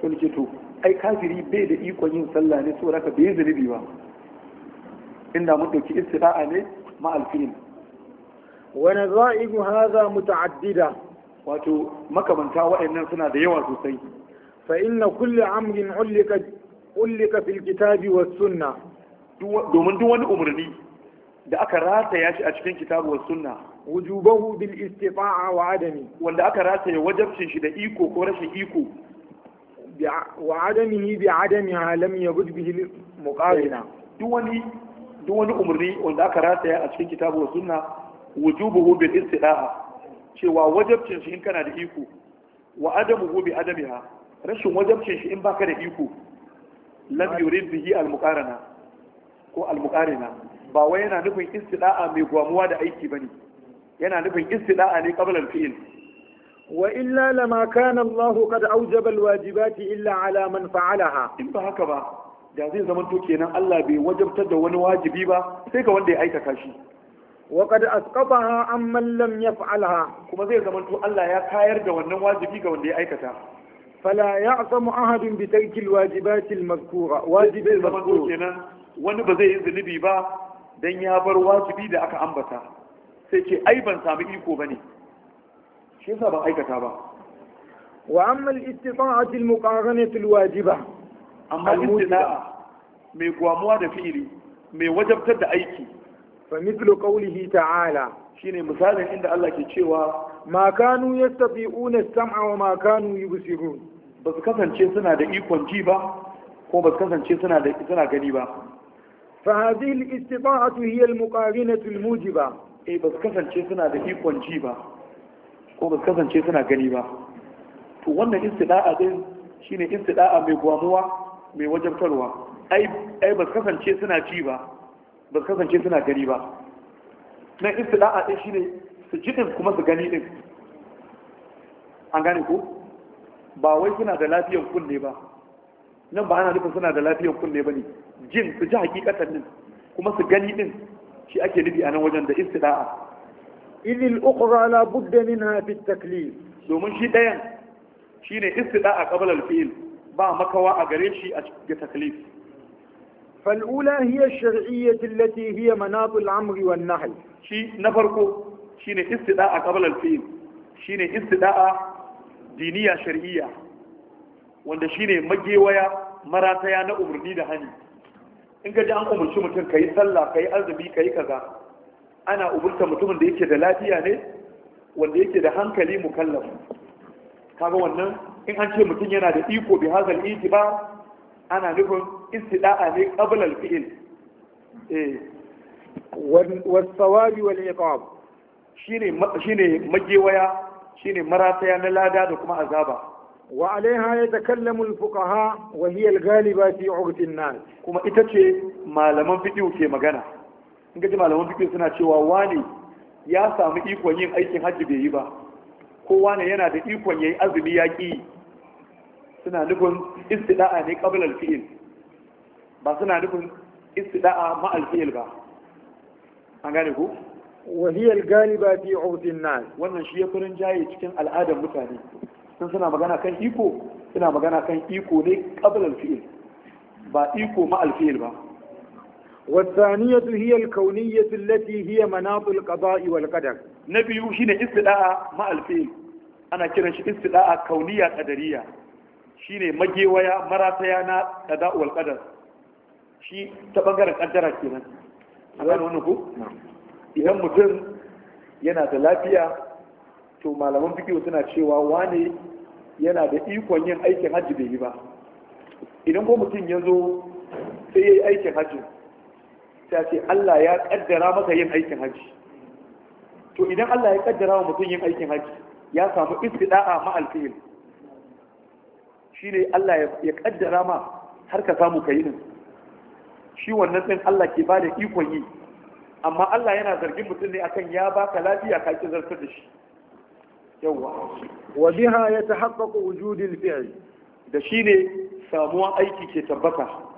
to ne to ai kafiri bai da ikon yin sallah ne saboda haka bai zunubi ba inda mun dauki istifa'a ne ma alfil wa nazaibu hadha muta'addida wato makamanta wa'annan suna da yawa sosai fa inna kulli amrin ulika ulika fil kitabi was sunna domin duk wani umarni da aka rataya shi a cikin kitabu was sunna wujubahu bil istifa'a wa adami wanda aka rataya wajabcin shi da iko ko rashin iko وعدمه بعدمها لم يرد به مقارنة دولي دول أمري وأن أكرات أشكي كتاب والسنة وجوبه بالاستطاعة شوى وجب تنشي إن كان لإيكو وعدمه بعدمها رشو وجب تنشي إن باك لإيكو لم يرد به المقارنة ko al-muqarina ba wai yana nufin istida'a mai gwamuwa da aiki bane yana nufin istida'a ne qabla al-fi'l وإلا لما كان الله قد أوجب الواجبات إلا على من فعلها إن هكذا da zai zama kenan Allah bai wajabtar da wani wajibi ba sai ga wanda ya aikata shi wa qad asqataha amman lam yaf'alha kuma zai zama Allah ya kayar da wannan wajibi ga wanda ya aikata fala wani ba zai yi zunubi ba dan ya bar wajibi da aka ambata sai ce ai ban samu iko ne. shi yasa ba aikata ba wa amma al-istita'at al-muqaranat al-wajiba amma al-istita'a mai gwamuwa da fi'ili mai wajabtar da aiki fa mithlu qawlihi ta'ala shine misalin inda Allah ke cewa ma kanu yastati'una as-sam'a wa ma kanu yubsirun ba su kasance suna da ikon ji ba ko ba su kasance suna da suna gani ba fa hadhihi al-istita'atu hiya al-muqarinatu al-mujiba eh ba su kasance suna da ikon ji ba ko ba kasance suna gani ba to wannan istida'a din shine istida'a mai gwamuwa mai wajabtarwa ai ai ba kasance suna ci ba ba kasance suna gani ba nan istida'a din shine su ji din kuma su gani din an gane ko ba wai suna da lafiyar kunne ba nan ba ana nufin suna da lafiyar kunne ba ne jin su ji hakikatan din kuma su gani din shi ake nufi a nan wajen da istida'a idil ukhra la budda na fi taklif domin shi dayan shine istida'a qabla al-fi'l ba makawa a gare shi a cikin taklif فالأولى هي الشرعية التي هي مناط الأمر والنهي شيء نفرقه شيء استداء قبل الفيل شيء استداء دينية شرعية wanda shine magewaya marataya na umarni da hani in ka an umarci mutum ka yi sallah ka yi azumi ka yi kaza ana umurta mutumin da yake da lafiya ne wanda yake da hankali mukallaf kaga wannan in an ce mutum yana da iko bi hazal ba, ana nufin istida'a ne qabla al-fi'l eh wasawabi wal iqab shine shine magewaya shine marataya na lada da kuma azaba wa alaiha yatakallamu al-fuqaha wa hiya al-ghaliba fi 'urd an-nas kuma ita ce malaman fiqh ke magana in ji malaman fikin suna cewa wane ya samu ikon yin aikin hajji bai yi ba ko wane yana da ikon yayi azumi ya ki suna nufin istida'a ne qabla al-fi'l ba suna nufin istida'a ma al-fi'l ba an gane ku وهي الغالبة fi عوض الناس wannan shi ya furin jaye cikin al'adar mutane sun suna magana kan iko suna magana kan iko ne qabla al-fi'l ba iko ma al-fi'l ba والثانية هي الكونية التي هي مناط القضاء والقدر نبي شين استدعاء مع الفيل أنا كنا شين استدعاء كونية قدرية شيني مجي ويا مراتيانا قضاء والقدر شي تبقر bangaren كنا kenan a gane wani ku idan mutum yana da lafiya to malaman fikiyo suna cewa wane yana da ikon yin aikin hajji bai yi ba idan ko mutum ya zo sai ya yi aikin hajji sai ce Allah ya kaddara masa yin aikin haji to idan Allah ya kaddara wa mutum yin aikin haji ya samu istida'a ma alfihil shine Allah ya kaddara ma har ka samu kai din shi wannan din Allah ke bada ikon yi amma Allah yana zargin mutum ne akan ya baka lafiya ka ki zartar da shi yawa wa biha yatahaqqaqu wujudi fi'l da shine samuwar aiki ke tabbata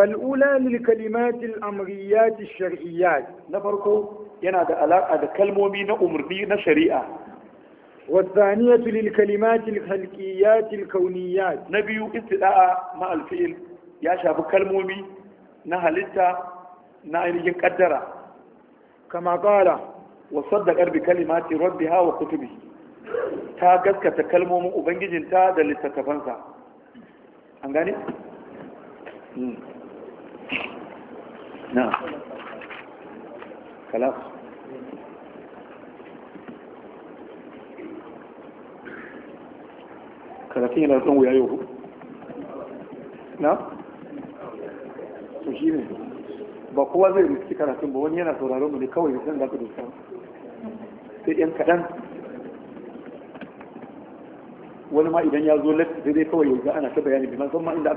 فالأولى للكلمات الأمريات الشرعيات نفرقه ينا دا علاقة دا كلمومي نأمرني نشريعة والثانية للكلمات الخلقيات الكونيات نبي استدعاء مع الفئل يا شاب كلمومي نهلتا نعين قدرة كما قال وصدق بكلمات ربها وكتبه ta gaskata kalmomin ubangijinta da littattafansa an gane? نعم خلاص yana son wuya yau na? to ne ba kowa zai riski karatun ba wani yana sauraron wani kawai da san za sai ɗan kaɗan wani ma idan ya zo lafi sai dai kawai yau ta bayani bi ma ma inda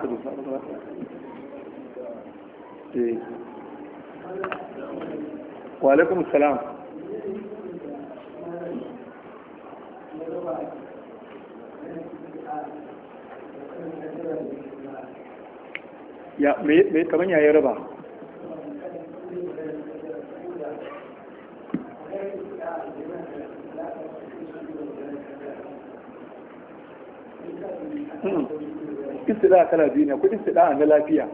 wa alaikum salam ya me kaman yayi raba istida kala biyu ne ko istida na lafiya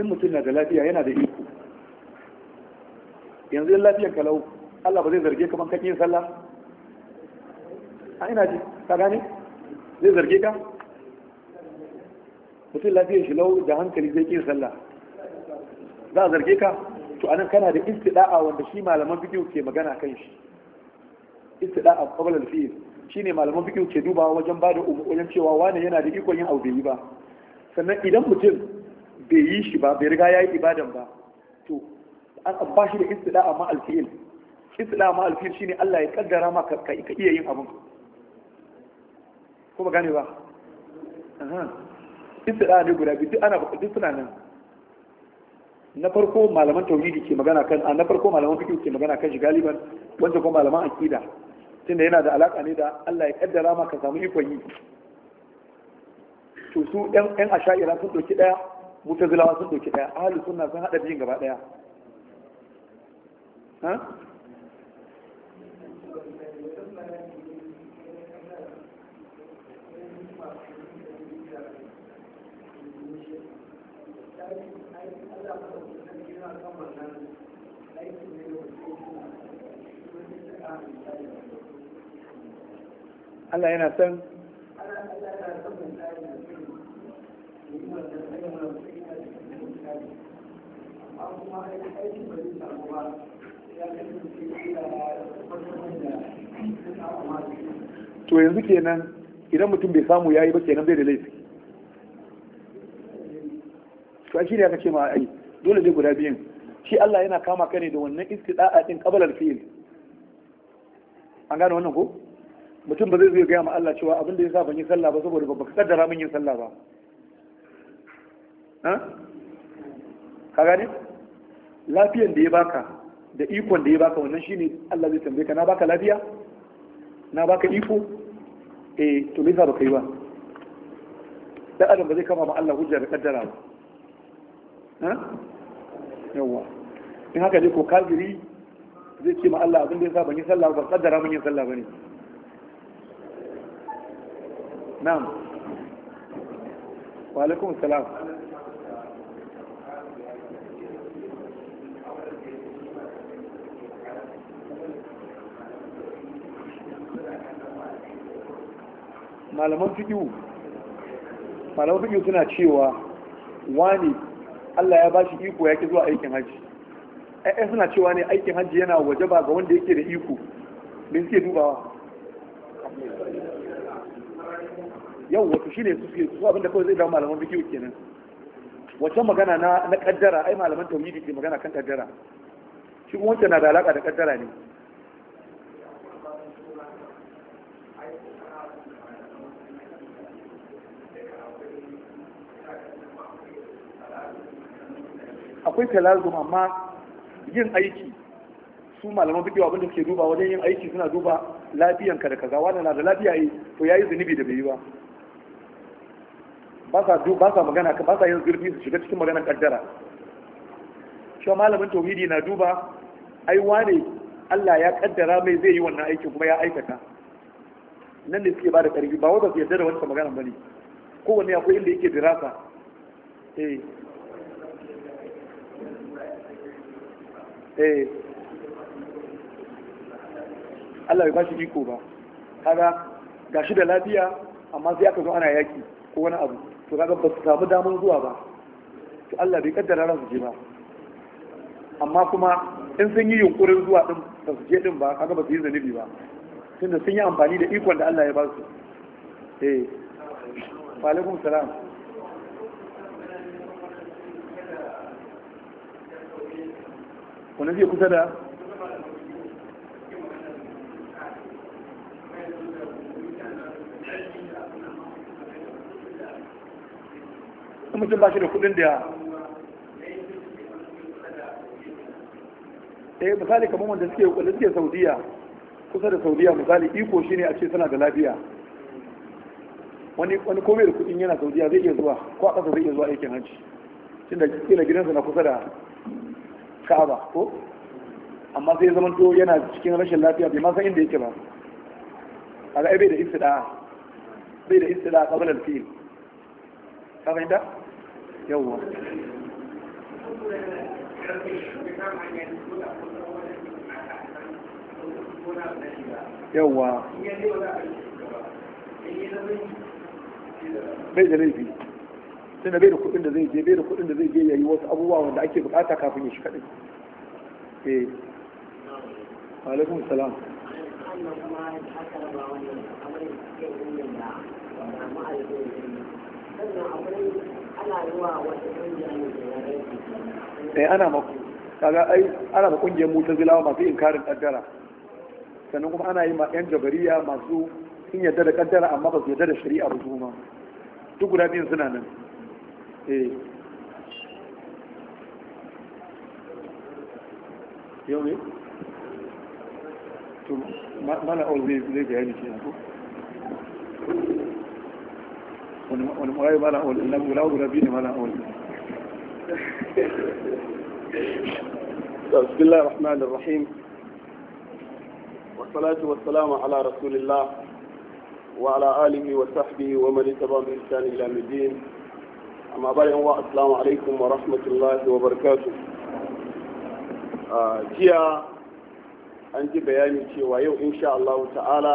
in mutum na da lafiya yana da iko yanzu yin lafiyar kalau Allah ba zai zarge ka ban kakin sallah a ina ji ka gane zai zarge ka mutum lafiyar shi lau da hankali zai kin sallah za a zarge ka to anan kana da istida'a wanda shi malaman bikin ke magana kan shi istida'a qabl al-fi'l shine malaman bikin ke dubawa wajen bada wajen cewa wani yana da ikon yin yi ba sannan idan mutum bai yi shi ba bai riga ya yi ibadan ba to an ba shi da a ma alfi'il a ma alfi'il shine Allah ya kaddara maka ka iya yin abin kuma gane ba istila ne guda biyu duk ana duk suna nan na farko malaman tauhidi ke magana kan na farko malaman fiqh ke magana kan shi galiban wanda kuma malaman aqida tunda yana da alaka ne da Allah ya kaddara maka samu ikon yi to su ɗan asha'ira sun ɗauki ɗaya mutazilawa sun ɗauki ɗaya ahalus sunna sun haɗa biyun gaba ɗaya Allah yana son amma kuma aiki to yanzu kenan idan mutum bai samu yayi ba kenan bai da laifi to shi ne aka ce ma ai dole zai guda biyun shi Allah yana kama ka ne da wannan istida'a din qabalar fi'il an gane wannan ko mutum ba zai zo gaya ma Allah cewa abin da ya sa ban yi sallah ba saboda ba ka kaddara min yin sallah ba ha ka gane lafiyan da ya baka da ikon da ya baka wannan shine Allah zai tambaye ka na baka lafiya na baka iko eh to me baka yi ba da adam ba zai kama ma Allah hujja da kaddara ba ha yawa in haka dai ko kafiri zai ce ma Allah abin da yasa ban yi sallah ba kaddara mun yi sallah bane na'am wa alaikum salam malaman fiƙiyu malaman fiƙiyu suna cewa wani Allah ya bashi iko ya ke zuwa aikin hajji ai suna cewa ne aikin hajji yana waje ba ga wanda yake da iko me suke dubawa yau wato shine su suke su abinda kawai zai dawo malaman fiƙiyu kenan wacce magana na na kaddara ai malaman tauhidi ke magana kan kaddara shi kuma wancan na da alaka da kaddara ne akwai talazum amma yin aiki su malaman fiƙe abin da suke duba wajen yin aiki suna duba lafiyanka da kaza wannan na da lafiya yi eh, to yi zunubi da bai yi ba ba sa magana ba sa yin zurfi su shiga cikin maganar kaddara shi malamin tauhidi na duba ai wane Allah ya kaddara mai zai yi wannan aikin kuma ya aikata nan ne suke bada karfi ba wanda su yarda da wancan magana bane kowanne akwai inda yake dirasa eh Eh. Allah bai bashi iko ba kaga gashi da lafiya amma sai aka zo ana yaki ko wani abu to kaga ba su samu damar zuwa ba to Allah bai kaddara ran su je ba amma kuma in sun yi yunkurin zuwa din ba su je din ba kaga ba su yi zanibi ba tunda sun yi amfani da ikon da Allah ya ba su eh wa alaikum salam wanda zai kusa da mutum ba shi da kudin da eh misali kamar wanda suke wanda suke saudiya kusa da saudiya misali iko shi ne a ce suna da lafiya wani wani komai da kudin yana saudiya zai iya zuwa ko a kasa zai iya zuwa aikin hajji tunda kila gidansa na kusa da ka'aba ko amma sai zaman to yana cikin rashin lafiya bai ma san inda yake ba kaga ai bai da istida bai da istida qabla al-fi'l ka fahimta yawwa yawwa bai da laifi sai na bai da kuɗin da zai je bai da kuɗin da zai je ya yi wasu abubuwa wanda ake bukata kafin ya shi kaɗai eh alaikum salam eh ana ma kaga ai ana ma kungiyar mutazilawa masu inkarin kaddara sannan kuma ana yi ma yan jabariya masu sun yarda da kaddara amma ba su yarda da shari'a ba duk guda biyun suna nan yau ne? to mana all zai bayani ke yanku wani mawai mana all na wula rabi ne mana all بسم الله الرحمن الرحيم والصلاة والسلام على رسول الله وعلى آله وصحبه ومن اتبع بإحسان إلى مدين amma bayan wa assalamu alaikum wa rahmatullahi wa barakatu jiya an ji bayani cewa yau insha Allah ta'ala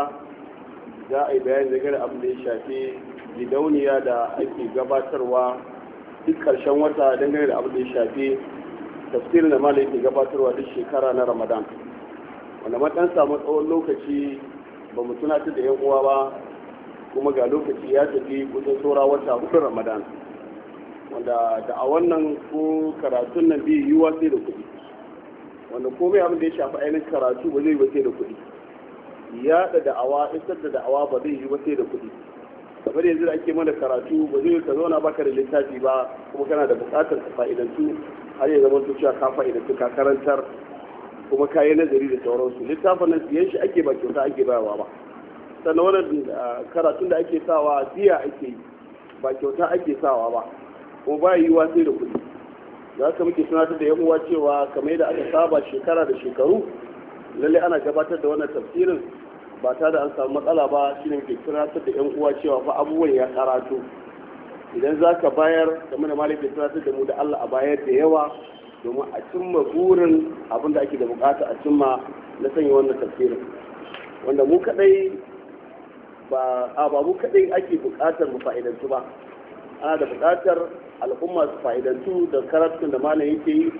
za a yi bayani daga da abin da ya shafi gidauniya da ake gabatarwa duk ƙarshen wata dangane da abin da ya shafi tafsirin da malai yake gabatarwa duk shekara na ramadan wanda matan samu tsawon lokaci ba mu tunatar da yan uwa ba kuma ga lokaci ya tafi kusan saura wata hudu ramadan wanda da a wannan ko karatun nan bi yiwuwa sai da kuɗi wanda komai abin da ya shafi ainihin karatu ba zai ba sai da kuɗi da da'awa isar da da'awa ba zai yi ba sai da kuɗi kamar yanzu da ake mana karatu ba zai ka zauna baka da littafi ba kuma kana da buƙatar ka fa'idantu har ya zama cewa ka fa'idantu ka karantar kuma ka yi nazari da sauransu littafin nan siyan shi ake ba kyauta ake bayarwa ba sannan wannan ah, karatun da ake sawa biya ake yi ba kyauta ake sawa ba ko ba wa sai da kuɗi za ka muke tunatar da yan uwa cewa kamar yadda aka saba shekara da shekaru lalle ana gabatar da wannan tafsirin ba ta da an samu matsala ba shi ne muke tunatar da yan uwa cewa fa abubuwan ya karatu idan za ka bayar kamar da malamin tunatar da mu da Allah a bayar da yawa domin a cimma burin abin da ake da bukata a cimma na sanya wannan tafsirin wanda mu kadai ba a ba mu kadai ake bukatar mu fa'idantu ba ana da bukatar al'umma su fa'idantu da karatun da malam yake yi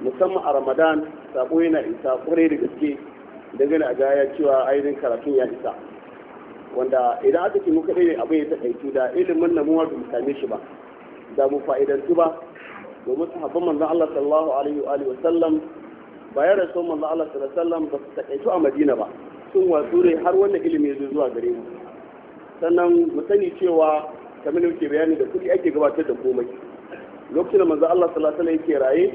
musamman a ramadan sako yana isa kwarai da gaske gani a gaya cewa ainihin karatun ya isa wanda idan aka ce muka ɗaya abin ya taƙaitu da ilimin na muwa mu same shi ba da mu fa'idantu ba domin sahabban manzon Allah sallallahu alaihi wa sallam bayan rasul manzon Allah sallallahu alaihi wa sallam ba su taƙaitu a Madina ba sun watsu ne har wannan ilimi ya zo zuwa gare mu sannan mu sani cewa kamar yake bayani da kuɗi ake gabatar da komai lokacin da manzo Allah sallallahu alaihi yake raye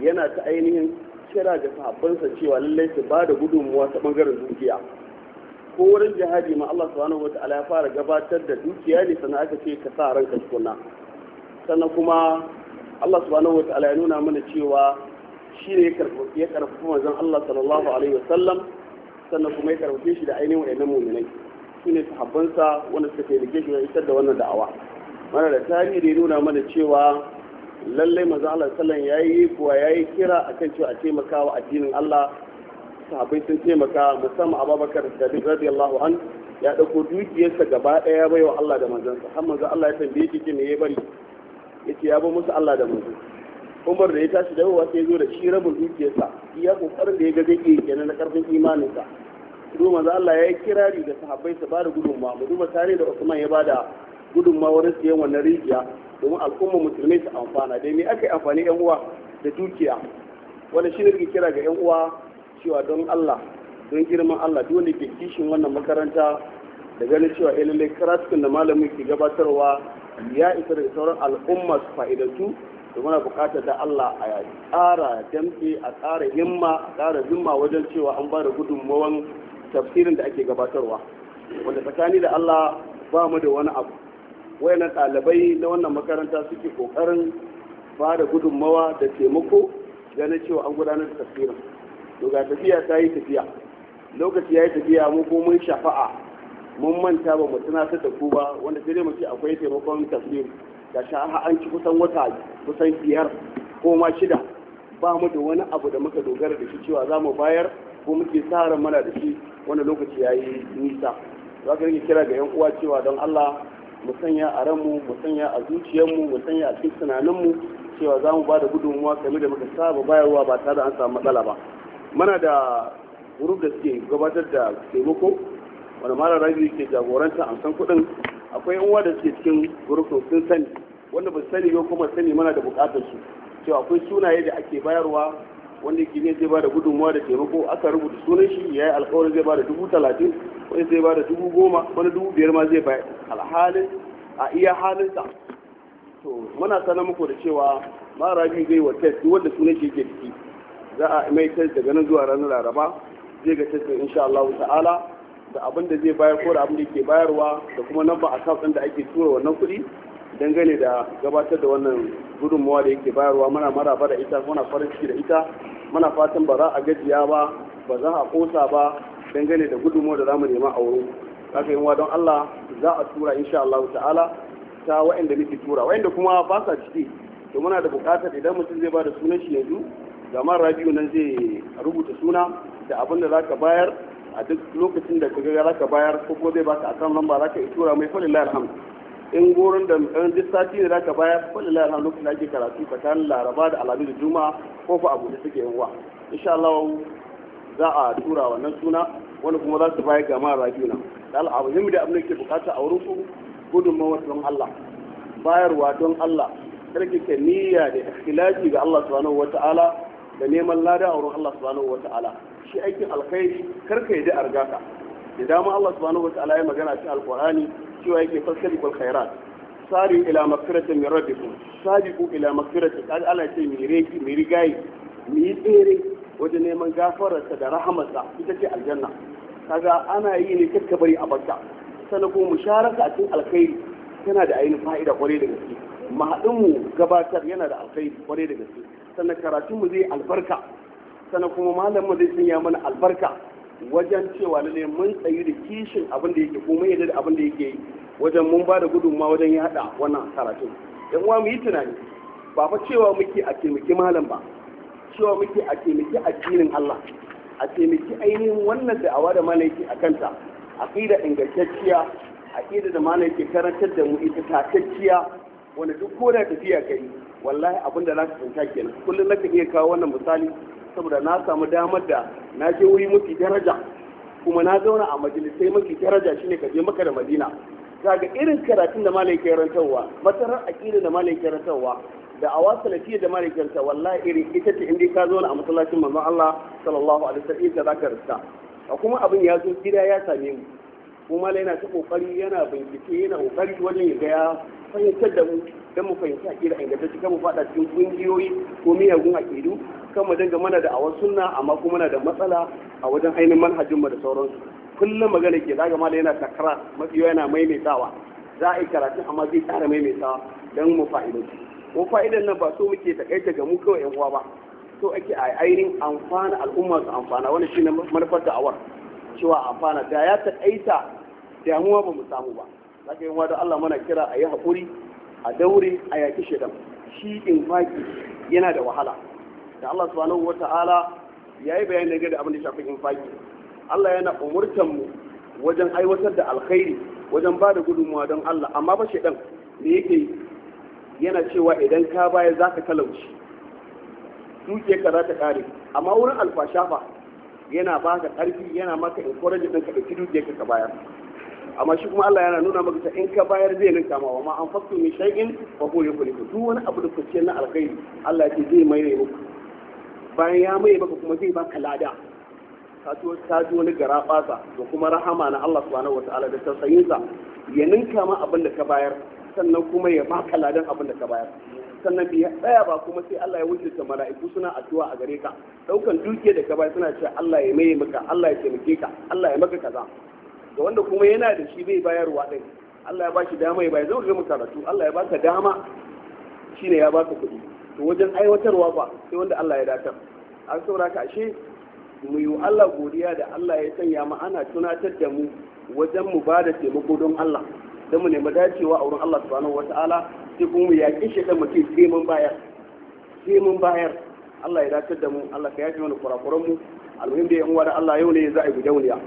yana ta ainihin kira ga sahabbansa cewa lallai su ba da gudunmuwa ta bangaren dukiya ko wurin jihadi ma Allah subhanahu wataala ya fara gabatar da dukiya ne sannan aka ce ka sa ranka tukunna sannan kuma Allah subhanahu wataala ya nuna mana cewa shi ne ya karfafa manzon Allah sallallahu alaihi wasallam sannan kuma ya karfafe shi da ainihin wayannan mu'minai su ne sahabbansa wanda suka taimake shi ya isar da wannan da'awa mana da tarihi da ya nuna mana cewa lallai maza Allah sallan ya yi kuwa ya yi kira kan cewa a taimaka wa addinin Allah sahabbai sun taimaka musamman ababakar da radiyallahu an ya ɗauko dukiyarsa gaba ɗaya bai wa Allah da manzansa har maza Allah ya tambaye shi me ya bari ce ya bi musu Allah da manzo Umar da ya tashi da yawa sai ya zo da shi rabin dukiyarsa ya kokarin da ya ga zai iya kenan na karfin imaninsa duma za Allah ya yi kirari da sahabbai su bada gudunma mu duba tare da Usman ya bada gudunma wurin siyan wannan rijiya domin al'umma musulmai su amfana dai me aka yi amfani yan uwa da dukiya wanda shi ne kira ga yan uwa cewa don Allah don girman Allah duk wanda ke kishin wannan makaranta da ganin cewa eh, lallai karatun da malamin ke gabatarwa ya isa da sauran al'umma su fa'idatu domin a buƙatar da Allah a ƙara damfe a ƙara himma a ƙara zimma wajen cewa an ba da gudunmawan tafsirin da ake gabatarwa wanda tsakani da Allah ba mu da wani abu wayannan ɗalibai na wannan makaranta suke ƙoƙarin ba da gudunmawa da taimako ganin cewa an gudanar da tafsirin to ga tafiya ta yi tafiya lokaci ya yi tafiya mu ko mun shafa'a mun manta ba mu tunatar da ku ba wanda sai dai mu ce akwai taimakon tafsir ga shaha an ci kusan wata kusan biyar ko ma shida ba mu da wani abu da muka dogara da shi cewa za mu bayar ko muke sa mana da shi wanda lokaci ya yi nisa za ka rage kira ga 'yan uwa cewa don allah mu sanya a ranmu mu sanya a zuciyarmu mu sanya a cikin tunaninmu cewa za mu ba da gudunmuwa game da muka saba bayarwa ba tare da an samu matsala ba mana da guruf da suke gabatar da taimako wani mara rabi ke jagoranta san kuɗin akwai yan uwa da suke cikin guruf sun sani wanda ba sani ba kuma sani mana da bukatar su cewa akwai sunaye da ake bayarwa wanda yake zai ba da gudunmuwa da taimako aka rubuta sunan shi ya yi alkawarin zai ba da dubu talatin wani zai ba da dubu goma wani dubu biyar ma zai bayar alhalin a iya halinsa to muna sanar muku da cewa mara biyu zai wa test wanda sunan shi yake ciki za a mai test daga nan zuwa ranar laraba zai ga test insha Allah ta'ala da abin da zai bayar ko da abin da yake bayarwa da kuma nan ba a din da ake tura wannan kuɗi dangane da gabatar da wannan gudunmawa da yake bayarwa mana maraba da ita muna farin ciki da ita mana fatan ba za a gajiya ba ba za a kosa ba dangane da gudunmawa da zamu nema a wurin haka yin don Allah za a tura insha Allah ta'ala ta waɗanda muke tura waanda kuma ba sa ciki to muna da buƙatar idan mutum zai ba da sunan shi yanzu zaman radio nan zai rubuta suna da abin da zaka bayar a duk lokacin da kaga zaka bayar ko ko zai baka akan lamba zaka tura mai fa lillahi alhamdu in gurin da in duk sati ne zaka bayar kullu la ilaha lokacin da ake karatu tsakanin laraba da alhamis da juma'a ko fa abu da suke yin wa insha Allah za a tura wannan suna wani kuma za su bayar ga mara juna dal abu himmi da abin da ke bukata a wurin ku gudunmawar don Allah bayarwa don Allah ke niyya da ikhlasi ga Allah subhanahu wata'ala da neman lada a wurin Allah subhanahu wata'ala shi aikin alkhairi karka yi da argaka da dama Allah subhanahu wata'ala ya magana cikin alqur'ani cewa yake fasali wal khairat sari ila magfiratin min rabbikum sabiqu ila magfiratin kaga Allah ce mi reki mi rigayi mi tsere wajen neman gafararsa da rahamarsa ita ce aljanna kaga ana yi ne kakka bari a bakka sannan kuma musharaka a cikin alkhairi tana da ainihin fa'ida kwarai da gaske mahadinmu gabatar yana da alkhairi kwarai da gaske sannan karatunmu zai albarka sannan kuma malamin zai sanya mana albarka wajen cewa ne mun tsayi da kishin abin yake ko mun yadda da abin da yake yi wajen mun ba da gudunmawa wajen ya haɗa wannan karatun yan uwa mu yi tunani ba fa cewa muke a taimaki malam ba cewa muke a taimaki addinin Allah a taimaki ainihin wannan da da'awa da malam yake a kanta aqida ingantacciya aqida da malam yake karantar da mu ita takacciya. wanda duk ko da tafiya kai wallahi abin da za su tsinta kenan kullum na iya kawo wannan misali saboda na samu damar da na je wuri mafi daraja kuma na zauna a majalisai mafi daraja shine ka je maka da madina ga irin karatun da malai ke rantarwa masarar aƙida da malai ke rantarwa da awa salafiyya da malai ke rantarwa wallahi irin ita ce inda ka zauna a masallacin manzon Allah sallallahu alaihi wasallam ka zaka rasta kuma abin ya zo gida ya same mu kuma yana ta kokari yana bincike yana kokari wajen ya gaya fahimtar da mu don mu fahimci akida ingantacce kan mu fada cikin kungiyoyi ko miyagun akidu kan mu dinga mana da awar sunna amma kuma na da matsala a wajen ainihin manhajin mu da sauransu kullum magana ke zaga mala yana takara mafiyo yana maimaitawa za a yi karatu amma zai tsara maimaitawa don mu fa'idoci ko fa'idan nan ba so muke takaita ga mu kawai yan uwa ba so ake a ainihin amfana al'umma su amfana wannan shine manufar da awar cewa amfana da ya taƙaita. damuwa ba mu samu ba za ka yi wa da Allah mana kira a yi haƙuri a daure a yaƙi shaidan shi in faƙi yana da wahala da Allah subhanahu wa ta'ala ya yi bayani daga da abin da shafi in faƙi Allah yana umurtan mu wajen aiwatar da alkhairi wajen ba da gudunmuwa don Allah amma ba dan me yake yana cewa idan ka baya za ka talauci dukiyarka za ta ƙare amma wurin alfashafa yana ka ƙarfi yana maka in ɗin ka ɗauki ya ka bayar amma shi kuma Allah yana nuna maka ta in ka bayar zai ninka ma amma an fasu min shay'in fa huwa yukhlifu duk wani abu da kace na alkhairi Allah yake zai maye muku bayan ya mai maka kuma zai baka lada ka ji wani gara fasa da kuma rahama na Allah subhanahu wataala da tausayinsa ya ninka ma abin da ka bayar sannan kuma ya baka ladan abin da ka bayar sannan bai tsaya ba kuma sai Allah ya wuce ta mala'iku suna addu'a a gare ka daukan dukiya da ka bayar suna cewa Allah ya mai maka Allah ya taimake ka Allah ya maka kaza ga wanda kuma yana da shi bai bayarwa ɗin Allah ya ba shi dama ya bayar zama ga mutaratu Allah ya ba ka dama shine ya ba ka kuɗi to wajen aiwatarwa ba sai wanda Allah ya datar an sauraka ashe mu yi Allah godiya da Allah ya sanya mu ana tunatar da mu wajen mu ba da taimako don Allah don mu nemi dacewa a wurin Allah subhanahu wata'ala sai kuma mu yaƙi shi da mutum sai mun bayar sai mun bayar Allah ya datar da mu Allah ka yafe mana kurakuran mu alhamdulillah yan uwa da Allah yau ne za a yi gudauniya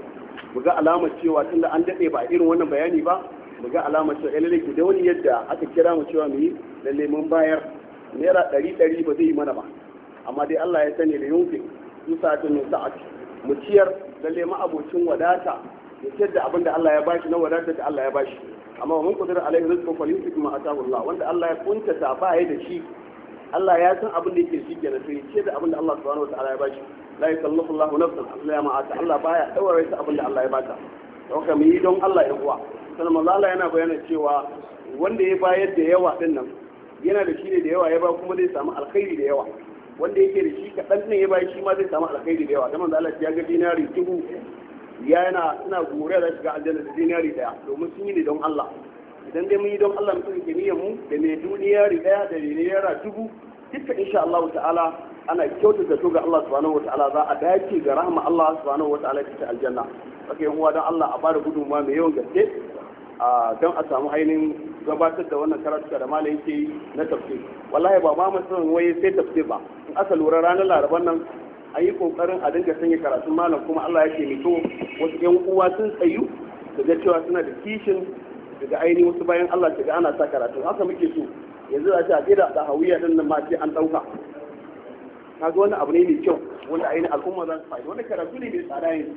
mu ga alamar cewa tun da an daɗe ba irin wannan bayani ba mu ga alamar cewa ilalai eh, ki da wani yadda aka kira mu cewa mu yi lalle mun bayar naira ɗari ɗari ba zai yi mana ba amma dai Allah ya sani da yunfe su sa'atin nun sa'ati mu ciyar lalle abocin wadata ya ciyar da abin da Allah ya bashi na wadata da Allah ya bashi amma wa mun kudura alaihi rizqu fal yunfiq ma ataahu Allah wanda Allah ya kuntata ba ya da shi Allah ya san abin da yake shi kenan to ciyar da abin da Allah subhanahu wa ta'ala ya bashi la yukallifu Allah nafsan illa ma ata Allah baya daure ta abin da Allah ya baka don mu yi don Allah ya kuwa sannan manzo Allah yana bayyana cewa wanda ya bayar da yawa din nan yana da shi ne da yawa ya ba kuma zai samu alkhairi da yawa wanda yake da shi kaɗan ne ya bayar shi ma zai samu alkhairi da yawa da Allah ya ga dinari dubu ya yana suna gore da shiga aljanna da dinari daya domin sun yi ne don Allah idan dai mun yi don Allah mutum ke niyyar mu da mai duniya ri da naira dubu duka insha Allah ta'ala ana kyautata to ga Allah subhanahu wataala za a dace ga rahma Allah subhanahu wataala ta aljanna saka yan uwa dan Allah a bada gudunmawa mai yawan gaske don a samu ainihin gabatar da wannan karatu da malam yake na tafsir wallahi ba ba mu san waye sai tafsir ba in aka lura ranar laraban nan a yi kokarin a dinga sanya karatun malam kuma Allah ya taimako wasu yan uwa sun tsayu daga cewa suna da kishin daga aini wasu bayan Allah shiga ana sa karatu haka muke so yanzu za ta gida da hawiya din nan ma ce an dauka kaga wannan abu ne mai kyau wanda ainihin al'umma za su faɗi wannan karatu ne mai tsada yanzu